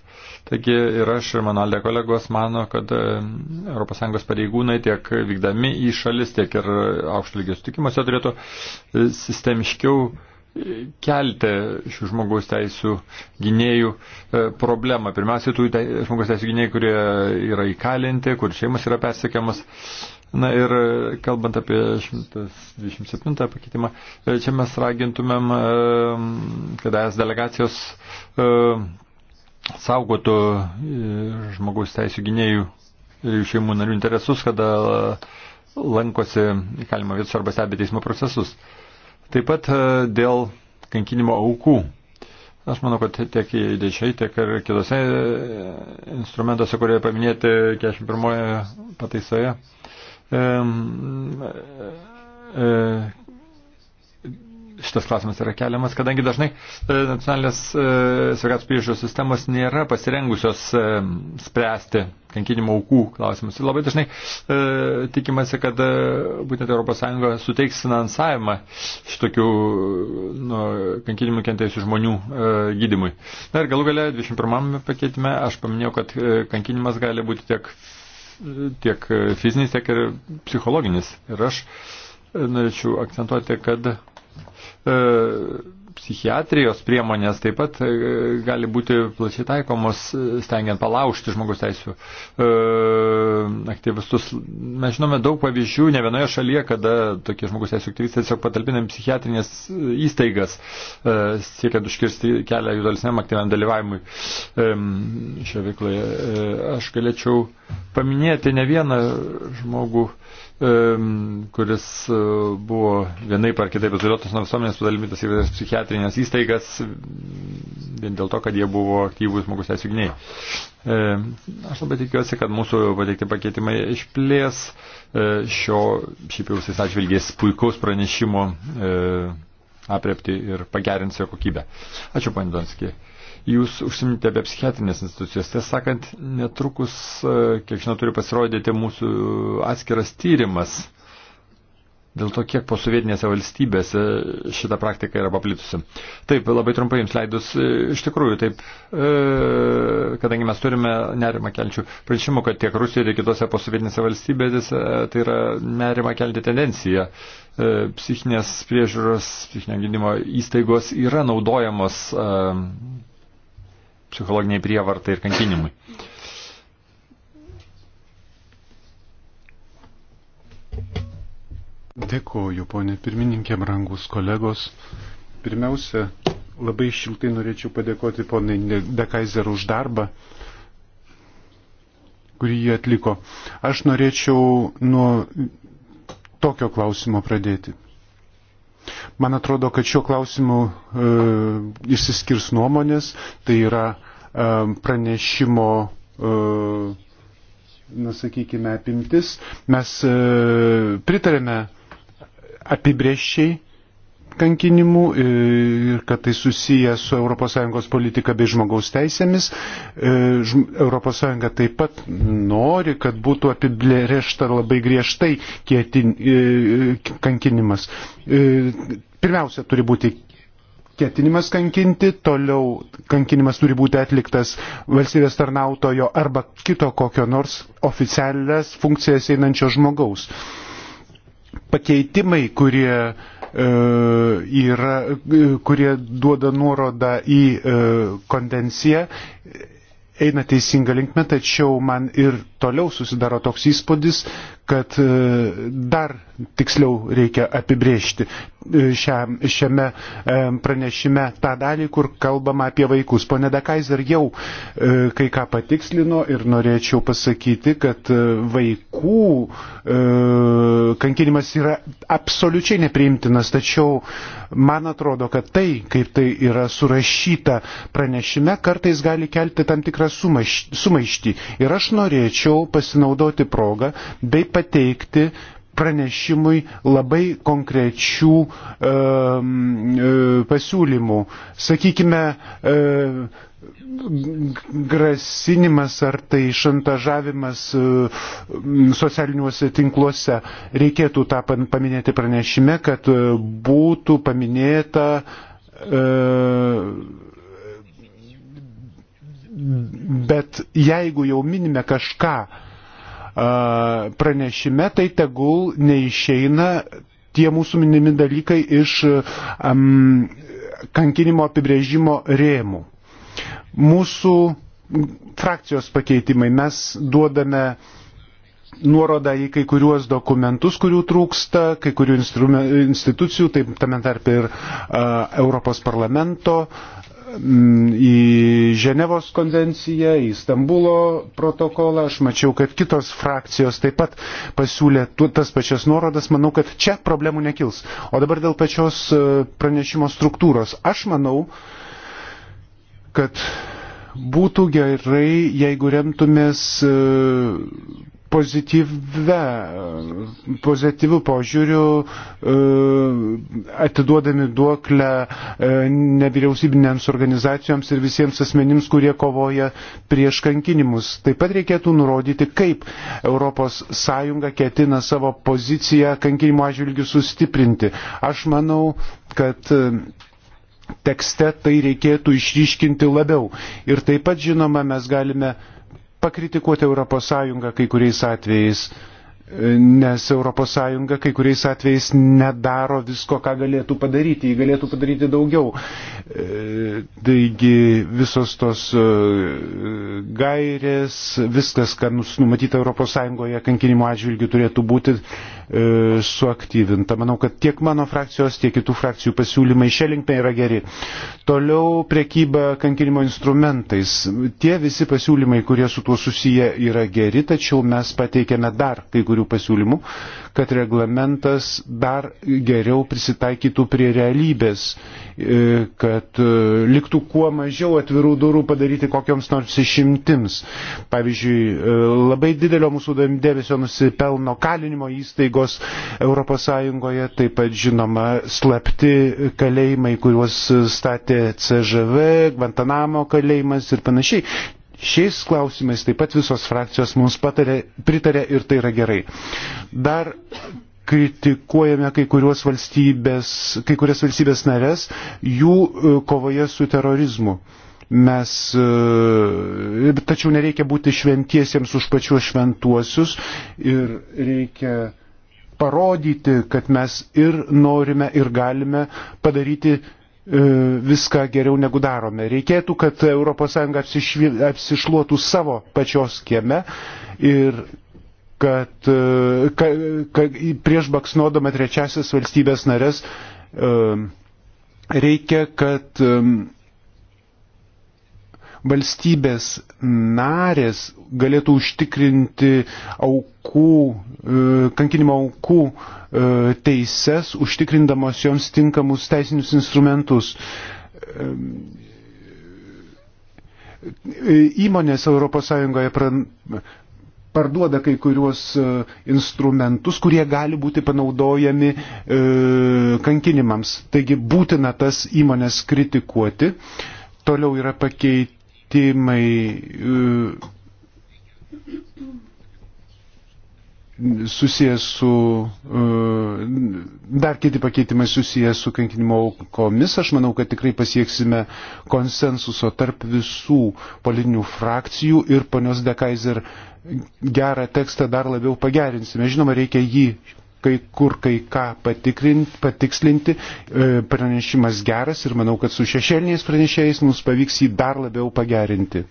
Taigi ir aš ir mano aldė kolegos mano, kad ES pareigūnai tiek vykdami į šalis, tiek ir aukšto lygio sutikimuose turėtų e, sistemiškiau kelti šių žmogaus teisų gynėjų e, problemą. Pirmiausia, tų te, žmogaus teisų gynėjų, kurie yra įkalinti, kur šeimas yra persekiamas. Na ir e, kalbant apie 127 pakeitimą, e, čia mes ragintumėm, kad es delegacijos saugotų žmogaus teisų gynėjų ir jų šeimų narių interesus, kada lankosi įkalimo vietos arba stebi teismo procesus. Uh, Taip pat e, dėl kankinimo aukų. Aš manau, kad tiek įdėčiai, tiek ir kitose e, instrumentuose, kurie paminėti 41 pataisoje, e, šitas klausimas yra keliamas, kadangi dažnai e, nacionalinės e, sveikatos priežiūros sistemos nėra pasirengusios e, spręsti kankinimo aukų klausimus. Ir labai dažnai tikimasi, kad būtent ES suteiks finansavimą šitokių nu, kankinimų kentėjusių žmonių gydimui. Na ir galų galia 21 pakeitime aš paminėjau, kad kankinimas gali būti tiek, tiek fizinis, tiek ir psichologinis. Ir aš norėčiau akcentuoti, kad E, psichiatrijos priemonės taip pat e, gali būti plačiai taikomos, e, stengiant palaužti žmogus teisų aktyvistus. Mes žinome daug pavyzdžių ne vienoje šalyje, kada tokie žmogus teisų aktyvistai tiesiog patalpinami psichiatrinės įstaigas, siekiant užkirsti kelią jų dalesniam aktyviam dalyvavimui šioje veikloje. Aš galėčiau paminėti ne vieną žmogų kuris e, buvo vienaip ar kitaip izoliuotas nuo visuomenės padalimytas į visas psichiatrinės įstaigas vien dėl to, kad jie buvo aktyvūs žmogus teisų gyniai. Aš labai tikiuosi, kad mūsų pateikti pakeitimai išplės e, šio, šiaip jau visais atžvilgiais, puikaus pranešimo e, apriepti ir pagerins jo kokybę. Ačiū, pandonskiai. Jūs užsiminėte apie psichiatrinės institucijos. Tiesą sakant, netrukus, e, kiek žinau, turi pasirodyti mūsų atskiras tyrimas dėl to, kiek posovietinėse valstybėse šita praktika yra paplitusi. Taip, labai trumpai jums leidus, e, iš tikrųjų, taip, e, kadangi mes turime nerimą kelčių pranešimų, kad tiek Rusijoje, tiek kitose posovietinėse valstybėse tai yra nerimą kelti tendencija. Psichinės priežiūros, psichinio gynimo įstaigos yra naudojamos psichologiniai prievartai ir kankinimui. Dėkoju, ponė pirmininkė, brangus kolegos. Pirmiausia, labai šiltai norėčiau padėkoti ponai Dekaiser už darbą, kurį jie atliko. Aš norėčiau nuo tokio klausimo pradėti. Man atrodo, kad šiuo klausimu e, išsiskirs nuomonės, tai yra e, pranešimo, e, na sakykime, apimtis. Mes e, pritarėme apibrieščiai kankinimų e, ir kad tai susiję su ES politika bei žmogaus teisėmis. E, ES taip pat nori, kad būtų apibrėžta labai griežtai kietin, e, kankinimas. Pirmiausia, turi būti ketinimas kankinti, toliau kankinimas turi būti atliktas valstybės tarnautojo arba kito kokio nors oficialias funkcijas einančio žmogaus. Pakeitimai, kurie E, yra, kurie duoda nuorodą į e, konvenciją, eina teisinga linkme, tačiau man ir toliau susidaro toks įspūdis, kad e, dar tiksliau reikia apibriežti e, šiame e, pranešime tą dalį, kur kalbama apie vaikus. Pone Dekaiser jau kai ką patikslino ir norėčiau pasakyti, kad vaikų kankinimas yra absoliučiai nepriimtinas, tačiau man atrodo, kad tai, kaip tai yra surašyta pranešime, kartais gali kelti tam tikrą sumaištį. Ir aš norėčiau norėčiau pasinaudoti progą bei pateikti pranešimui labai konkrečių ehm, e, pasiūlymų. Sakykime, e, grasinimas ar tai šantažavimas e, socialiniuose tinkluose. Reikėtų tą paminėti pranešime, kad e, būtų paminėta e, bet jeigu jau minime kažką pranešime, tai tegul neišeina tie mūsų minimi dalykai iš um, kankinimo apibrėžimo rėmų. Mūsų frakcijos pakeitimai mes duodame nuorodą į kai kuriuos dokumentus, kurių trūksta, kai kurių institucijų, taip tame tarp ir uh, Europos parlamento Mm, į Ženevos konvenciją, į Stambulo protokolą. Aš mačiau, kad kitos frakcijos taip pat pasiūlė tas pačias nuorodas. Manau, kad čia problemų nekils. O dabar dėl pačios e, pranešimo struktūros. Aš manau, kad būtų gerai, jeigu remtumės e, pozityve, pozityvių požiūrių e, atiduodami duoklę e, nevyriausybinėms organizacijoms ir visiems asmenims, kurie kovoja prieš kankinimus. Taip pat reikėtų nurodyti, kaip ES ketina savo poziciją kankinimo atžvilgių sustiprinti. Aš manau, kad e, tekste tai reikėtų išryškinti labiau. Ir taip pat, žinoma, mes galime pakritikuoti ES kai kuriais atvejais, nes ES kai kuriais atvejais nedaro visko, ką galėtų padaryti, jį galėtų padaryti daugiau. E, taigi visos tos e, gairės, viskas, ką numatyta ES kankinimo atžvilgių turėtų būti E, suaktyvinta. Manau, kad tiek mano frakcijos, tiek kitų frakcijų pasiūlymai šia linkme yra geri. Toliau priekyba kankinimo instrumentais. Tie visi pasiūlymai, kurie su tuo susiję, yra geri, tačiau mes pateikėme dar kai kurių pasiūlymų, kad reglamentas dar geriau prisitaikytų prie realybės, e, kad e, liktų kuo mažiau atvirų durų padaryti kokioms nors išimtims. Pavyzdžiui, e, labai didelio mūsų dėmesio nusipelno kalinimo įstaigos ES, taip pat žinoma slapti kalėjimai, kuriuos statė CŽV, Guantanamo kalėjimas ir panašiai. Šiais klausimais taip pat visos frakcijos mums patarė, pritarė ir tai yra gerai. Dar kritikuojame kai, valstybės, kai kurias valstybės narės jų e, kovoje su terorizmu. Mes, e, tačiau nereikia būti šventiesiems už pačiuos šventuosius ir reikia parodyti, kad mes ir norime, ir galime padaryti E, viską geriau negu darome. Reikėtų, kad ES apsišvi, apsišluotų savo pačios kieme ir kad e, ka, ka, prieš baksnuodama trečiasis valstybės narės e, reikia, kad valstybės narės galėtų užtikrinti aukų, e, kankinimo aukų e, teises, užtikrindamos joms tinkamus teisinius instrumentus. E, įmonės ES parduoda kai kuriuos instrumentus, kurie gali būti panaudojami kankinimams. Taigi būtina tas įmonės kritikuoti. Toliau yra pakeit vertimai e, susijęs su, e, dar kiti pakeitimai susijęs su kankinimo aukomis. Aš manau, kad tikrai pasieksime konsensuso tarp visų politinių frakcijų ir ponios Dekaiser gerą tekstą dar labiau pagerinsime. Žinoma, reikia jį kai kur kai ką patikslinti. E, pranešimas geras ir manau, kad su šešėliniais pranešėjais mums pavyks jį dar labiau pagerinti.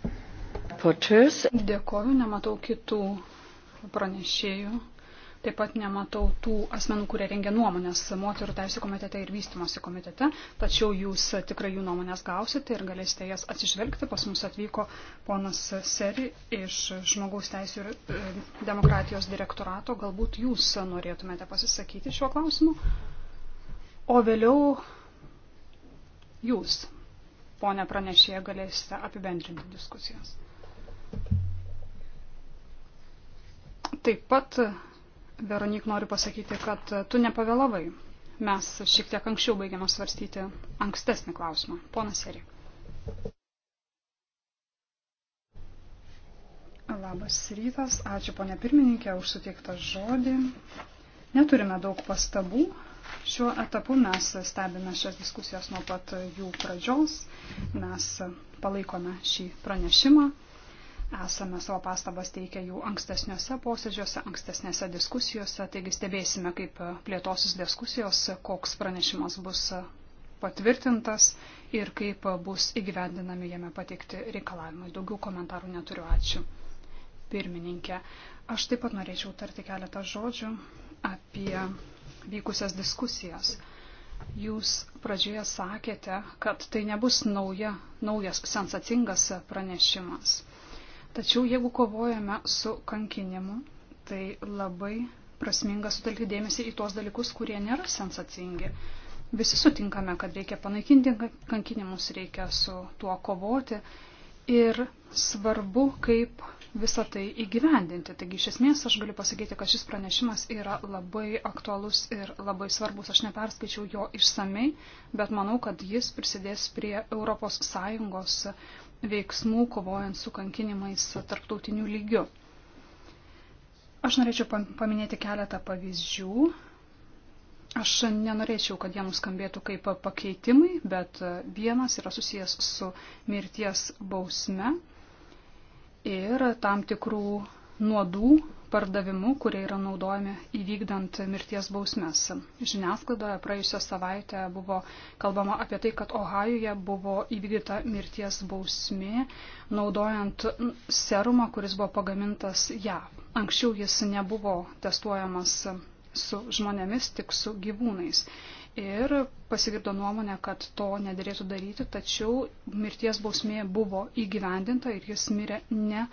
Počius. Dėkoju, nematau kitų pranešėjų. Taip pat nematau tų asmenų, kurie rengia nuomonės moterų teisų komitete ir vystimosi komitete, tačiau jūs tikrai jų nuomonės gausite ir galėsite jas atsižvelgti. Pas mus atvyko ponas Seri iš Žmogaus teisų ir e, demokratijos direktorato. Galbūt jūs norėtumėte pasisakyti šiuo klausimu. O vėliau jūs, ponė pranešėja, galėsite apibendrinti diskusijas. Taip pat Veronik, noriu pasakyti, kad tu nepavėlavai. Mes šiek tiek anksčiau baigėme svarstyti ankstesnį klausimą. Ponas Erik. Labas rytas, ačiū ponė pirmininkė už suteiktą žodį. Neturime daug pastabų. Šiuo etapu mes stebime šias diskusijas nuo pat jų pradžios. Mes palaikome šį pranešimą esame savo pastabas teikę jau ankstesniuose posėdžiuose, ankstesnėse diskusijose, taigi stebėsime, kaip e, plėtosis diskusijos, e, koks pranešimas bus e, patvirtintas ir kaip bus įgyvendinami jame pateikti reikalavimai. Daugiau komentarų neturiu, ačiū. Pirmininkė, aš taip pat norėčiau tarti keletą žodžių apie vykusias diskusijas. Jūs pradžioje sakėte, kad tai nebus nauja, naujas sensacingas pranešimas. Tačiau jeigu kovojame su kankinimu, tai labai prasminga sutelkti dėmesį į tuos dalykus, kurie nėra sensacingi. Visi sutinkame, kad reikia panaikinti kankinimus, reikia su tuo kovoti ir svarbu, kaip visą tai įgyvendinti. Taigi iš esmės aš galiu pasakyti, kad šis pranešimas yra labai aktualus ir labai svarbus. Aš neperskaičiau jo išsamei, bet manau, kad jis prisidės prie ES veiksmų kovojant su kankinimais tarptautiniu lygiu. Aš norėčiau paminėti keletą pavyzdžių. Aš nenorėčiau, kad jie nuskambėtų kaip pakeitimai, bet vienas yra susijęs su mirties bausme ir tam tikrų nuodų pardavimu, kurie yra naudojami įvykdant mirties bausmes. Žiniasklaidoje praėjusią savaitę buvo kalbama apie tai, kad Ohajuje buvo įvykdyta mirties bausmė, naudojant serumą, kuris buvo pagamintas JAV. Anksčiau jis nebuvo testuojamas su žmonėmis, tik su gyvūnais. Ir pasigirdo nuomonė, kad to nederėtų daryti, tačiau mirties bausmė buvo įgyvendinta ir jis mirė ne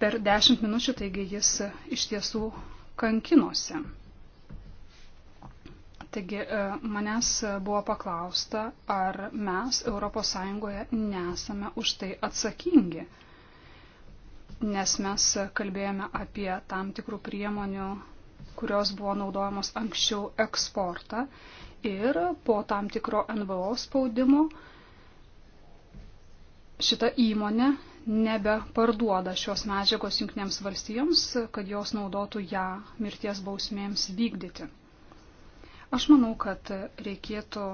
per 10 minučių, taigi jis iš tiesų kankinosi. Taigi e, manęs buvo paklausta, ar mes ES nesame už tai atsakingi, nes mes kalbėjome apie tam tikrų priemonių, kurios buvo naudojamos anksčiau eksportą ir po tam tikro NVO spaudimo šita įmonė nebeparduoda šios medžiagos jungtinėms valstijoms, kad jos naudotų ją mirties bausmėms vykdyti. Aš manau, kad reikėtų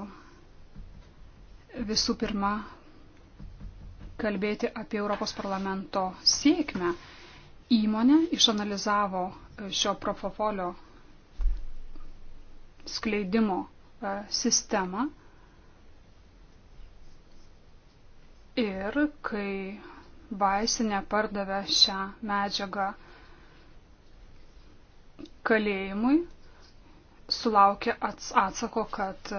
visų pirma kalbėti apie Europos parlamento sėkmę. Įmonė išanalizavo šio profofolio skleidimo e, sistemą ir kai vaisinė pardavė šią medžiagą kalėjimui, sulaukė atsako, kad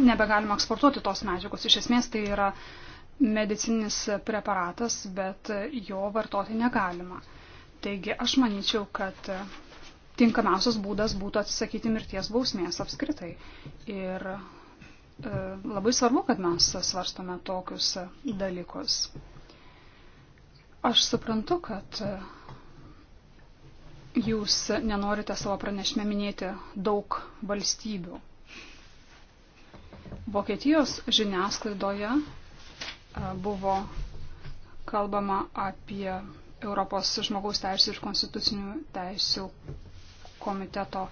nebegalima eksportuoti tos medžiagos. Iš esmės tai yra medicininis preparatas, bet jo vartoti negalima. Taigi aš manyčiau, kad tinkamiausias būdas būtų atsisakyti mirties bausmės apskritai. Ir E, labai svarbu, kad mes svarstome tokius dalykus. Aš suprantu, kad jūs nenorite savo pranešime minėti daug valstybių. Vokietijos žiniasklaidoje e, buvo kalbama apie Europos žmogaus teisų ir konstitucinių teisų komiteto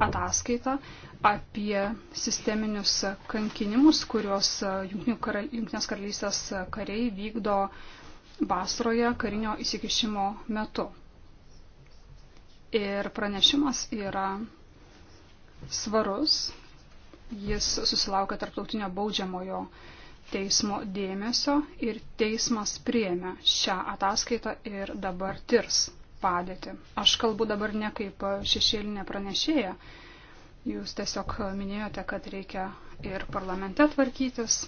ataskaitą apie sisteminius kankinimus, kuriuos e, Junktinės karalystės kariai vykdo vasaroje karinio įsikišimo metu. Ir pranešimas yra svarus, jis susilaukė tarptautinio baudžiamojo teismo dėmesio ir teismas priėmė šią ataskaitą ir dabar tirs padėtį. Aš kalbu dabar ne kaip šešėlinė pranešėja. Jūs tiesiog minėjote, kad reikia ir parlamente tvarkytis.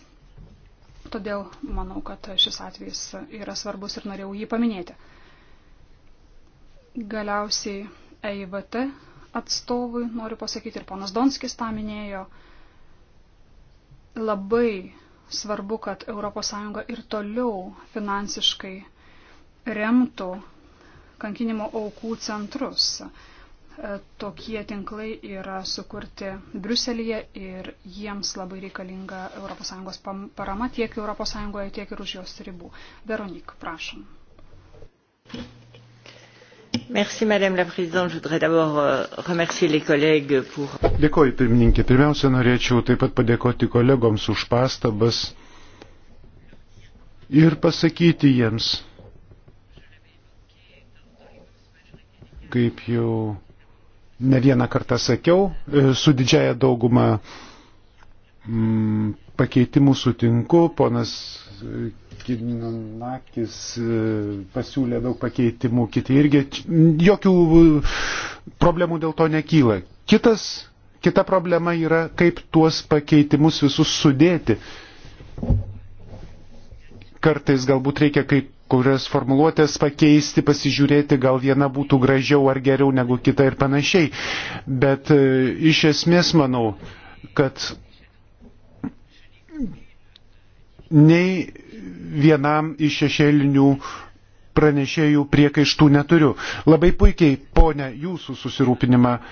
Todėl manau, kad šis atvejis yra svarbus ir norėjau jį paminėti. Galiausiai EIVT atstovui noriu pasakyti ir ponas Donskis tą minėjo. Labai svarbu, kad ES ir toliau finansiškai remtų kankinimo aukų centrus. E, tokie tinklai yra sukurti Bruselėje ir jiems labai reikalinga ES parama tiek ES, tiek ir už jos ribų. Veronik, prašom. Merci, Madame la Présidente. Je voudrais d'abord euh, remercier les collègues pour. Dėkoju, pirmininkė. Pirmiausia, norėčiau taip pat padėkoti kolegoms už pastabas ir pasakyti jiems, kaip jau ne vieną kartą sakiau, e, su didžiaja dauguma mm, pakeitimų sutinku, ponas Kininakis e, pasiūlė daug pakeitimų, kiti irgi, jokių e, problemų dėl to nekyla. Kitas, kita problema yra, kaip tuos pakeitimus visus sudėti. Kartais galbūt reikia kaip kurias formuluotės pakeisti, pasižiūrėti, gal viena būtų gražiau ar geriau negu kita ir panašiai. Bet e, iš esmės manau, kad nei vienam iš šešėlinių pranešėjų priekaištų neturiu. Labai puikiai, ponia, jūsų susirūpinimą e,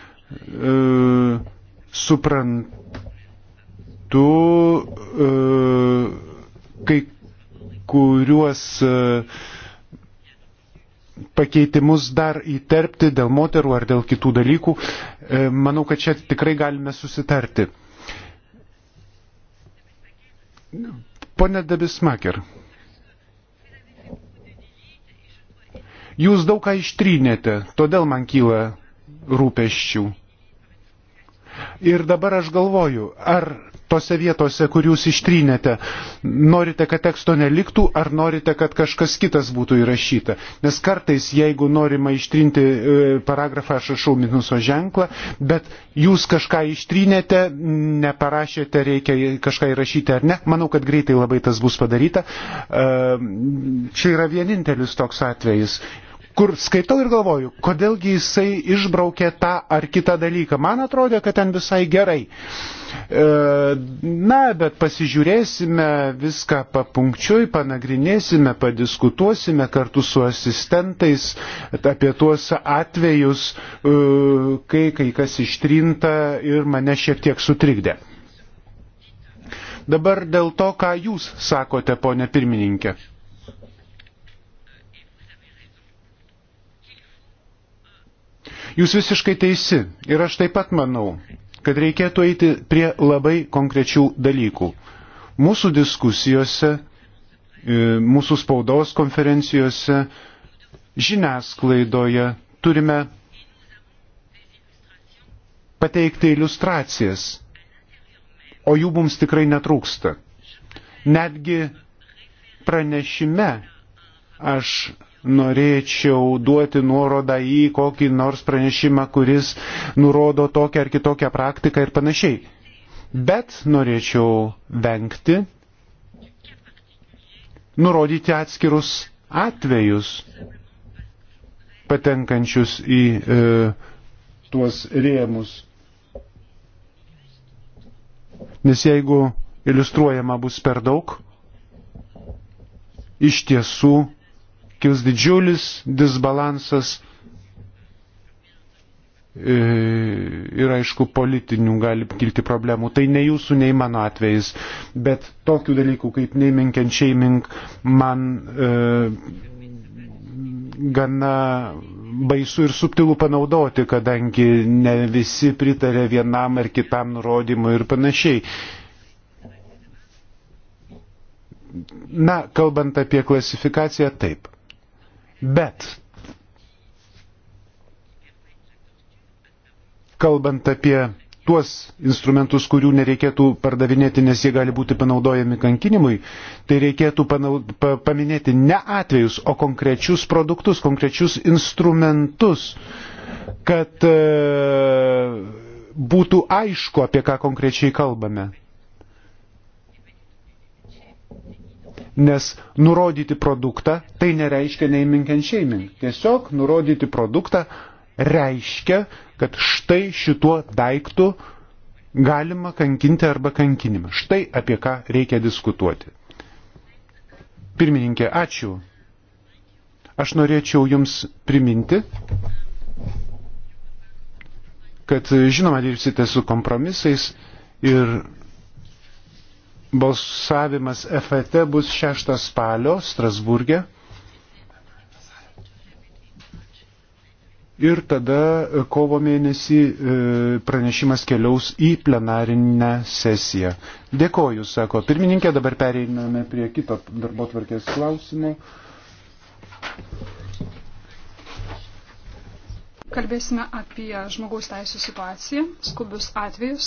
suprantu, e, kai kuriuos e, pakeitimus dar įterpti dėl moterų ar dėl kitų dalykų. E, manau, kad čia tikrai galime susitarti. Pone Dabismaker, jūs daug ką ištrynėte, todėl man kyla rūpeščių. Ir dabar aš galvoju, ar tose vietose, kur jūs ištrynėte. Norite, kad teksto neliktų, ar norite, kad kažkas kitas būtų įrašyta. Nes kartais, jeigu norima ištrinti e, paragrafą, aš rašau minuso ženklą, bet jūs kažką ištrynėte, neparašėte, reikia kažką įrašyti ar ne. Manau, kad greitai labai tas bus padaryta. E, čia yra vienintelis toks atvejis kur skaitau ir galvoju, kodėlgi jisai išbraukė tą ar kitą dalyką. Man atrodė, kad ten visai gerai. Uh, E, na, bet pasižiūrėsime viską papunkčiui, panagrinėsime, padiskutuosime kartu su asistentais apie tuos atvejus, e, kai kai kas ištrinta ir mane šiek tiek sutrikdė. Dabar dėl to, ką jūs sakote, ponė pirmininkė. Jūs visiškai teisi ir aš taip pat manau, kad reikėtų eiti prie labai konkrečių dalykų. Mūsų diskusijose, e, mūsų spaudos konferencijose, žiniasklaidoje turime pateikti iliustracijas, o jų mums tikrai netrūksta. Netgi pranešime aš norėčiau duoti nuorodą į kokį nors pranešimą, kuris nurodo tokią ar kitokią praktiką ir panašiai. Bet norėčiau vengti nurodyti atskirus atvejus patenkančius į e, tuos rėmus. Nes jeigu iliustruojama bus per daug, iš tiesų kils didžiulis disbalansas e, ir aišku politinių gali kilti problemų. Tai ne jūsų, nei mano atvejais, bet tokių dalykų kaip naming and shaming man e, gana baisu ir subtilu panaudoti, kadangi ne visi pritarė vienam ar kitam nurodymui ir panašiai. Na, kalbant apie klasifikaciją, taip. Bet kalbant apie tuos instrumentus, kurių nereikėtų pardavinėti, nes jie gali būti panaudojami kankinimui, tai reikėtų panaud, pa, paminėti ne atvejus, o konkrečius produktus, konkrečius instrumentus, kad e, būtų aišku, apie ką konkrečiai kalbame. nes nurodyti produktą tai nereiškia neimink and shaming. Tiesiog nurodyti produktą reiškia, kad štai šituo daiktu galima kankinti arba kankinimą. Štai apie ką reikia diskutuoti. Pirmininkė, ačiū. Aš norėčiau Jums priminti, kad žinoma dirbsite su kompromisais ir Balsavimas FAT bus 6 spalio Strasburgė. Ir tada kovo mėnesį e, pranešimas keliaus į plenarinę sesiją. Dėkoju, sako pirmininkė, dabar pereiname prie kito darbo tvarkės klausimo. Kalbėsime apie žmogaus teisų situaciją, skubius atvejus,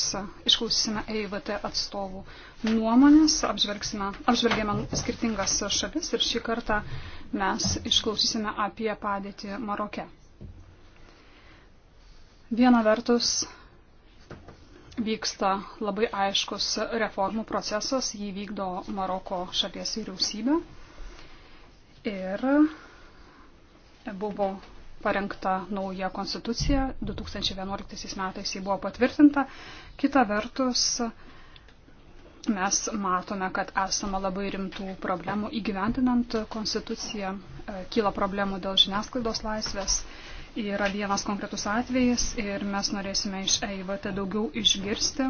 išklausysime EIVT atstovų nuomonės, apžvelgėme skirtingas šalis ir šį kartą mes išklausysime apie padėtį Maroke. Viena vertus vyksta labai aiškus reformų procesas, jį vykdo Maroko šalies vyriausybė ir buvo parengta nauja konstitucija, 2011 metais jį buvo patvirtinta. Kita vertus, mes matome, kad esama labai rimtų problemų įgyvendinant konstituciją, e, kyla problemų dėl žiniasklaidos laisvės. Yra vienas konkretus atvejis ir mes norėsime iš EIVT daugiau išgirsti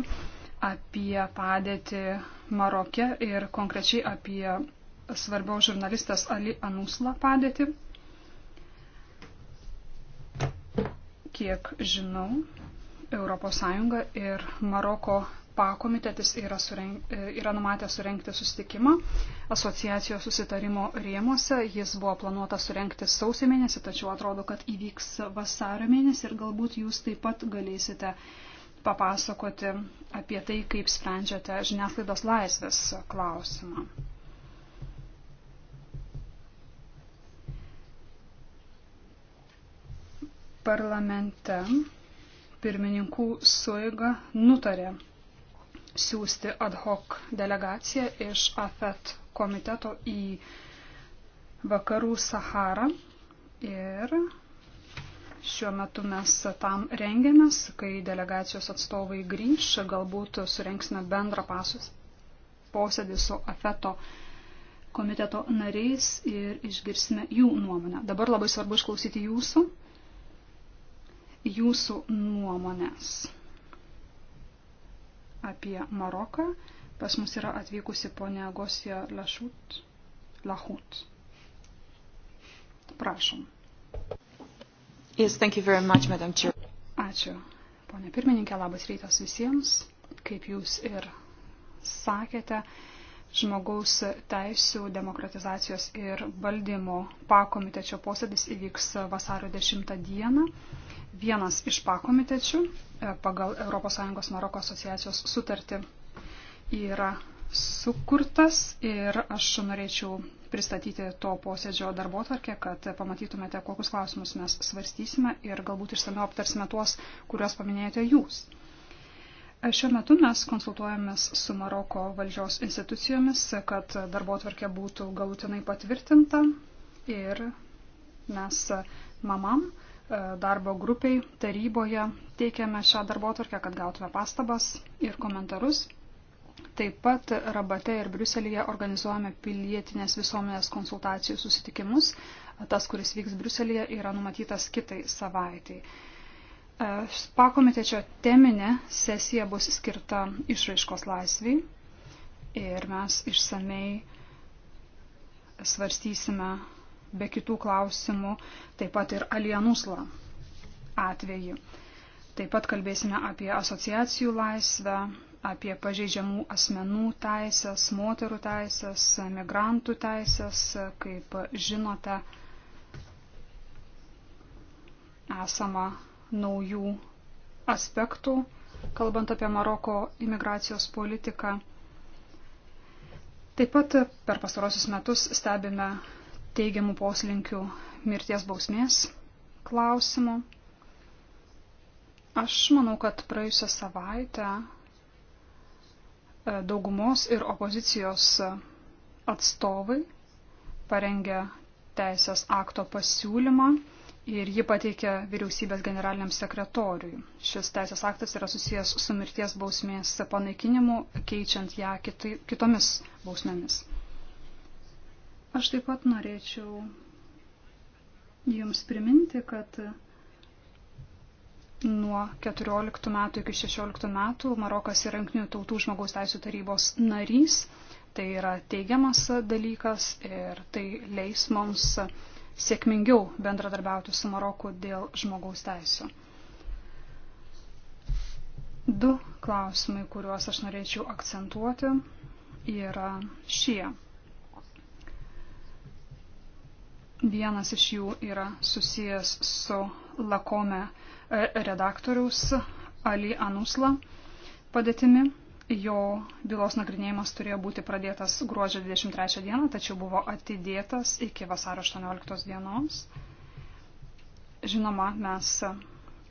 apie padėtį Maroke ir konkrečiai apie svarbiaus žurnalistės Ali Anusla padėtį. Kiek žinau, ES ir Maroko pakomitetis yra, sureng, e, yra numatę surenkti sustikimą asociacijos susitarimo rėmuose. Jis buvo planuotas surenkti sausio mėnesį, tačiau atrodo, kad įvyks vasario mėnesį ir galbūt jūs taip pat galėsite papasakoti apie tai, kaip sprendžiate žiniasklaidos laisvės klausimą. parlamente pirmininkų suiga nutarė siūsti ad hoc delegaciją iš AFET komiteto į vakarų Saharą ir Šiuo metu mes tam rengiamės, kai delegacijos atstovai grįž, galbūt surenksime bendrą pasus, posėdį su AFETO komiteto nariais ir išgirsime jų nuomonę. Dabar labai svarbu išklausyti jūsų jūsų nuomonės apie Maroką. Pas mus yra atvykusi ponia Gosija Lašut. Lahut. Prašom. Yes, thank you very much, Madam Chair. Ačiū, ponia pirmininkė, labas rytas visiems. Kaip jūs ir sakėte, žmogaus teisų, demokratizacijos ir valdymo pakomitečio posėdis įvyks vasario 10 dieną. Vienas iš pakomitečių e, pagal ES Maroko asociacijos sutartį yra sukurtas ir aš norėčiau pristatyti to posėdžio darbo tvarkę, kad pamatytumėte, kokius klausimus mes svarstysime ir galbūt išsameu aptarsime tuos, kuriuos paminėjote jūs. Šiuo metu mes konsultuojamės su Maroko valdžios institucijomis, kad darbo atvarkė būtų galutinai patvirtinta ir mes mamam e, darbo grupiai taryboje teikiame šią darbo atvarkę, kad gautume pastabas ir komentarus. Taip pat Rabate ir Briuselėje organizuojame pilietinės visuomenės konsultacijų susitikimus. Tas, kuris vyks Briuselėje, yra numatytas kitai savaitai. Pakomitečio teminė sesija bus skirta išraiškos laisviai ir mes išsamei svarstysime be kitų klausimų taip pat ir alienusla atvejį. Taip pat kalbėsime apie asociacijų laisvę, apie pažeidžiamų asmenų teisės, moterų teisės, migrantų teisės, kaip žinote, esama naujų aspektų, kalbant apie Maroko imigracijos politiką. Taip pat per pastarosius metus stebime teigiamų poslinkių mirties bausmės klausimų. Aš manau, kad praėjusią savaitę e, daugumos ir opozicijos atstovai parengė teisės akto pasiūlymą ir ji pateikė vyriausybės generaliniam sekretoriui. Šis teisės aktas yra susijęs su mirties bausmės panaikinimu, keičiant ją kitai, kitomis bausmėmis. Aš taip pat norėčiau Jums priminti, kad nuo 14 metų iki 16 metų Marokas yra Junktinių tautų žmogaus teisų tarybos narys. Tai yra teigiamas dalykas ir tai leis mums sėkmingiau bendradarbiauti su Maroku dėl žmogaus teisų. Du klausimai, kuriuos aš norėčiau akcentuoti, yra šie. Vienas iš jų yra susijęs su Lakome e, redaktoriaus Ali Anusla padėtimi jo bylos nagrinėjimas turėjo būti pradėtas gruodžio 23 dieną, tačiau buvo atidėtas iki vasaro 18 dienos. Žinoma, mes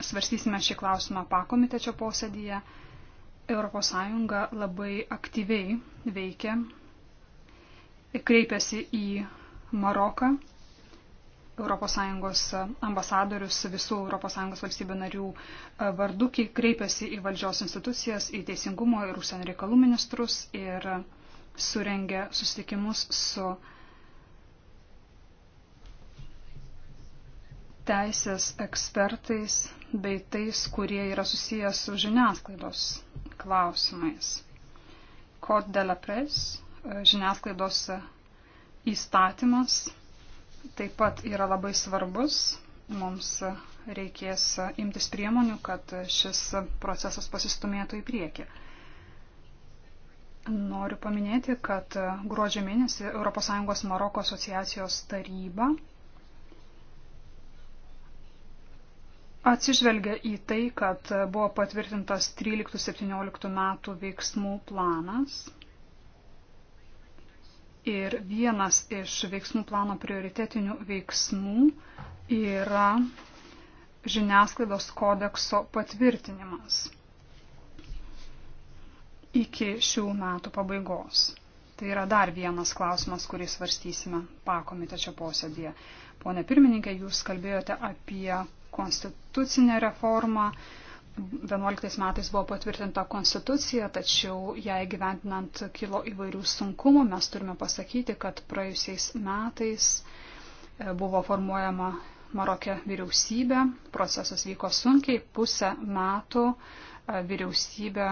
svarstysime šį klausimą pakomitečio posėdyje. ES labai aktyviai veikia, kreipėsi į Maroką ES e, ambasadorius visų ES valstybių narių e, vardu kreipiasi į valdžios institucijas, į teisingumo ir užsienio reikalų ministrus ir surengia susitikimus su teisės ekspertais bei tais, kurie yra susijęs su žiniasklaidos klausimais. Code de la Presse, e, žiniasklaidos įstatymas taip pat yra labai svarbus. Mums reikės imtis priemonių, kad šis procesas pasistumėtų į priekį. Noriu paminėti, kad gruodžio mėnesį ES Maroko asociacijos taryba atsižvelgia į tai, kad buvo patvirtintas 13-17 metų veiksmų planas Ir vienas iš veiksmų plano prioritetinių veiksmų yra žiniasklaidos kodekso patvirtinimas iki šių metų pabaigos. Tai yra dar vienas klausimas, kurį svarstysime pakomitečio posėdėje. Pone pirmininkė, jūs kalbėjote apie konstitucinę reformą, 2011 metais buvo patvirtinta konstitucija, tačiau ją gyventinant kilo įvairių sunkumų. Mes turime pasakyti, kad praėjusiais metais e, buvo formuojama Marokė vyriausybė, procesas vyko sunkiai, pusę metų e, vyriausybė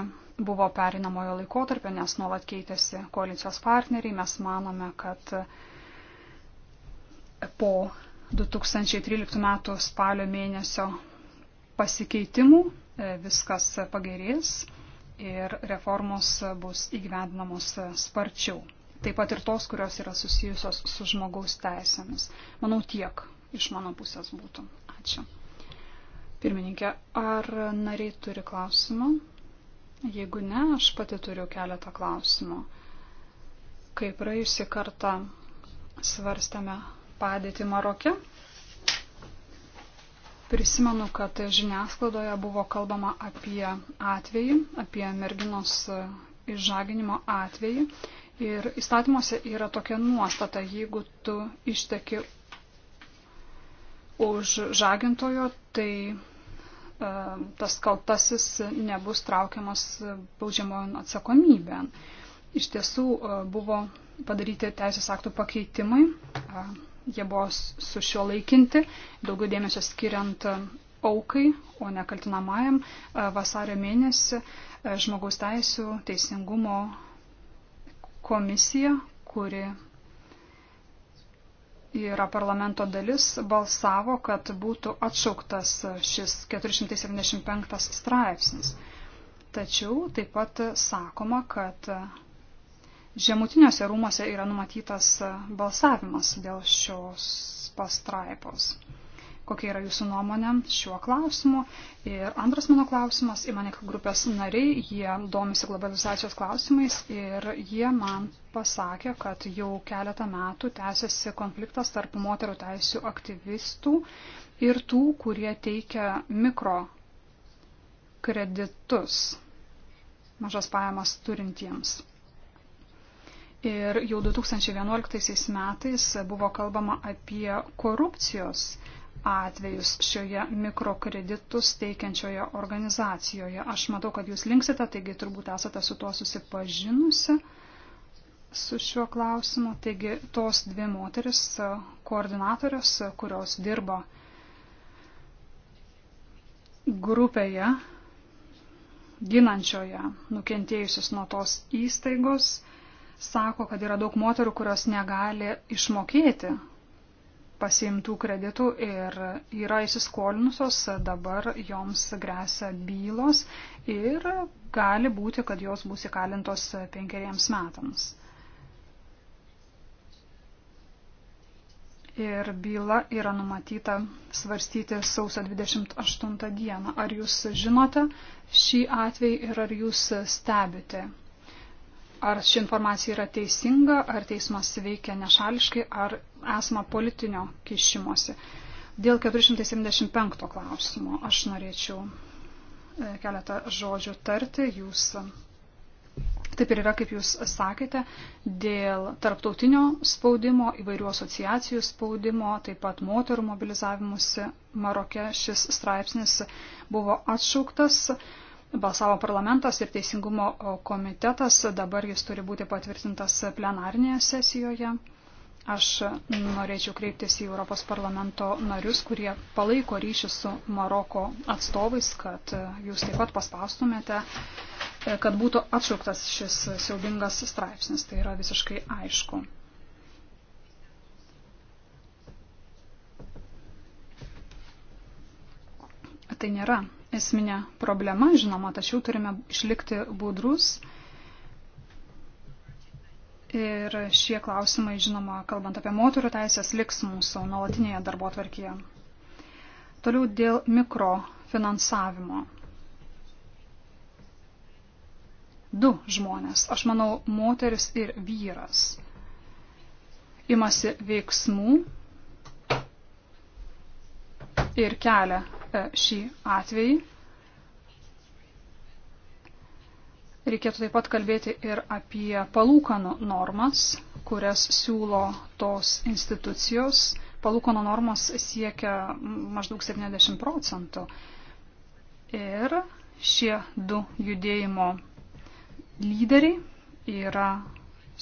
buvo perinamojo laikotarpio, nes nuolat keitėsi koalicijos partneriai. Mes manome, kad e, po 2013 m. spalio mėnesio pasikeitimų viskas pagerės ir reformos bus įgyvendinamos sparčiau. Taip pat ir tos, kurios yra susijusios su žmogaus teisėmis. Manau, tiek iš mano pusės būtų. Ačiū. Pirmininkė, ar nariai turi klausimų? Jeigu ne, aš pati turiu keletą klausimų. Kaip praėjusį kartą svarstame padėtį Maroke, Prisimenu, kad žiniasklaidoje buvo kalbama apie atvejį, apie merginos e, išžaginimo atvejį. Ir įstatymuose yra tokia nuostata, jeigu tu išteki už žagintojo, tai e, tas kaltasis nebus traukiamas baudžiamojon atsakomybėn. Iš tiesų e, buvo padaryti teisės aktų pakeitimai. E, jie buvo sušio laikinti, daugiau dėmesio skiriant e, aukai, o ne kaltinamajam. E, vasario mėnesį e, žmogaus teisų teisingumo komisija, kuri yra parlamento dalis, balsavo, kad būtų atšauktas šis 475 straipsnis. Tačiau taip pat sakoma, kad Žemutiniuose rūmose yra numatytas e, balsavimas dėl šios pastraipos. Kokia yra jūsų nuomonė šiuo klausimu? Ir antras mano klausimas, Imanek grupės nariai, jie domisi globalizacijos klausimais ir jie man pasakė, kad jau keletą metų tęsiasi konfliktas tarp moterų teisų aktyvistų ir tų, kurie teikia mikro kreditus mažas pajamas turintiems. Ir jau 2011 metais buvo kalbama apie korupcijos atvejus šioje mikrokreditus teikiančioje organizacijoje. Aš matau, kad jūs linksite, taigi turbūt esate su tuo susipažinusi su šiuo klausimu. Taigi tos dvi moteris koordinatorės, kurios dirbo grupėje ginančioje nukentėjusius nuo tos įstaigos, sako, kad yra daug moterų, kurios negali išmokėti pasiimtų kreditų ir yra įsiskolinusios, dabar joms grėsia bylos ir gali būti, kad jos bus įkalintos penkeriems metams. Ir byla yra numatyta svarstyti sausio 28 dieną. Ar jūs žinote šį atvejį ir ar jūs stebite ar ši informacija yra teisinga, ar teismas veikia nešališkai, ar esama politinio kišimosi. Dėl 475 klausimo aš norėčiau e, keletą žodžių tarti. Jūs taip ir yra, kaip jūs sakėte, dėl tarptautinio spaudimo, įvairių asociacijų spaudimo, taip pat moterų mobilizavimusi Maroke šis straipsnis buvo atšauktas balsavo parlamentas ir teisingumo komitetas, dabar jis turi būti patvirtintas plenarnėje sesijoje. Aš norėčiau kreiptis į Europos parlamento narius, kurie palaiko ryšį su Maroko atstovais, kad jūs taip pat paspaustumėte, kad būtų atšauktas šis siaubingas straipsnis. Tai yra visiškai aišku. Tai nėra esminė problema, žinoma, tačiau turime išlikti budrus. Ir šie klausimai, žinoma, kalbant apie moterų teisės, liks mūsų nuolatinėje darbo tvarkyje. Toliau dėl mikrofinansavimo. Du žmonės, aš manau, moteris ir vyras, imasi veiksmų ir kelia šį atvejį. Reikėtų taip pat kalbėti ir apie palūkanų normas, kurias siūlo tos institucijos. Palūkanų normos siekia maždaug 70 procentų. Ir šie du judėjimo lyderiai yra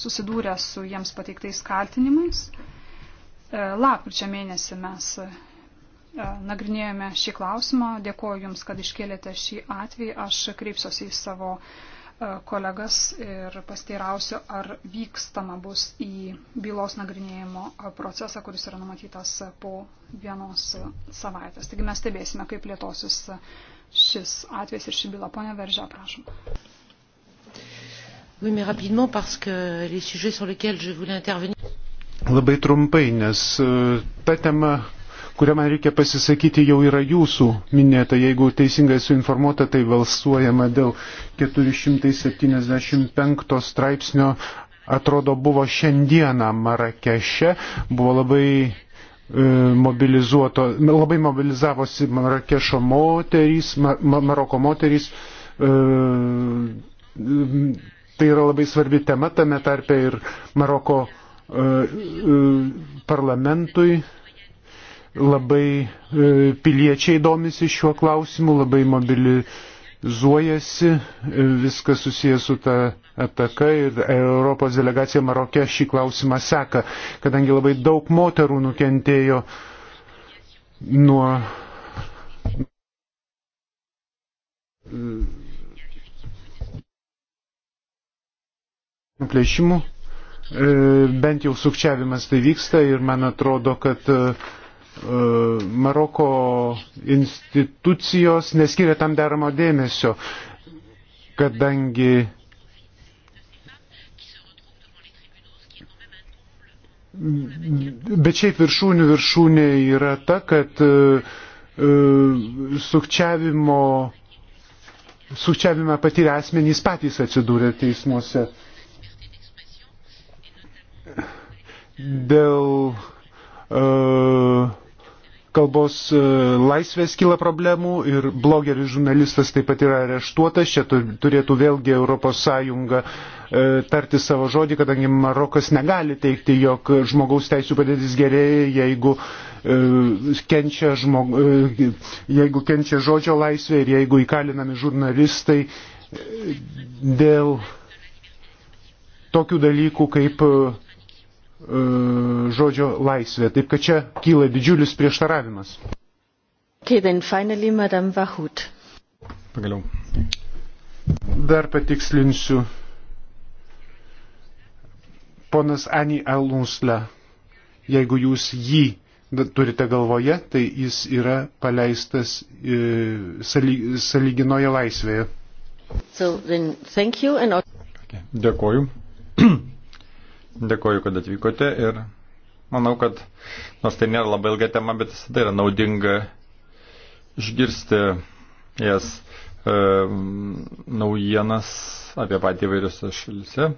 susidūrę su jiems pateiktais kaltinimais. Lapkričio mėnesį mes E, nagrinėjome šį klausimą. Dėkuoju Jums, kad iškėlėte šį atvejį. Aš kreipsiuosi į savo e, kolegas ir pasteirausiu, ar vykstama bus į bylos nagrinėjimo procesą, kuris yra numatytas po vienos savaitės. Taigi mes stebėsime, kaip plėtosis šis atvejs ir ši byla. Pone Veržia, prašom. Oui, mais rapidement, parce que les sujets sur lesquels je voulais intervenir. Labai trumpai, nes e, ta tema, kuriame reikia pasisakyti, jau yra jūsų minėta. Jeigu teisingai suinformuota, tai valsuojama dėl 475 straipsnio. Atrodo, buvo šiandieną Marakeše, buvo labai e, mobilizuoto, labai mobilizavosi Marakešo moterys, Maroko moterys. E, tai yra labai svarbi tema tame tarpe ir Maroko e, parlamentui labai e, piliečiai domisi šiuo klausimu, labai mobilizuojasi, e, viskas susijęs su ta ataka ir Europos delegacija Marokė šį klausimą seka, kadangi labai daug moterų nukentėjo nuo. Plėšimų, e, bent jau sukčiavimas tai vyksta ir man atrodo, kad E, Maroko institucijos neskiria tam deramo dėmesio, kadangi Bet šiaip viršūnių viršūnė yra ta, kad e, e, sukčiavimo, sukčiavimą patyrę asmenys patys atsidūrė teismuose. Dėl E, kalbos e, laisvės kyla problemų ir blogeris žurnalistas taip pat yra areštuotas. Čia turėtų vėlgi ES e, tarti savo žodį, kadangi Marokas negali teikti, jog žmogaus teisų padėtis gerėja, jeigu kenčia, žmog... jeigu kenčia žodžio laisvė ir jeigu įkalinami žurnalistai dėl tokių dalykų kaip E, žodžio laisvė. Taip kad čia kyla didžiulis prieštaravimas. Okay, then finally, Madame Vahut. Pagaliau. Dar patikslinsiu. Ponas Ani Alunsle, jeigu jūs jį turite galvoje, tai jis yra paleistas e, saly, salyginoje laisvėje. So, then, and... okay. Dėkoju. <clears throat> Dėkoju, kad atvykote ir manau, kad nors tai nėra labai ilga tema, bet visada yra naudinga išgirsti jas e, naujienas apie patį įvairius šalise.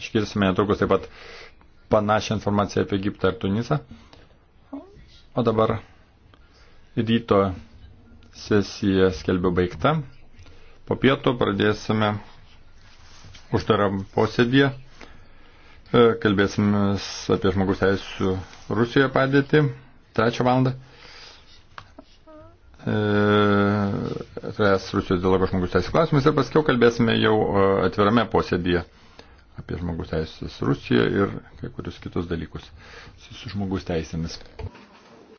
Išgirsime netrukus taip pat panašią informaciją apie Egiptą ir Tunisą. O dabar ryto sesija skelbiu baigta. Po pietų pradėsime uždarą posėdį. E, kalbėsime apie žmogus teisų Rusijoje padėtį, trečią valandą. ES Rusijos dialogo žmogus teisų klausimus ir paskiau kalbėsime jau e, atvirame posėdėje apie žmogus teisės Rusiją ir kai kurius kitus dalykus su žmogus teisėmis.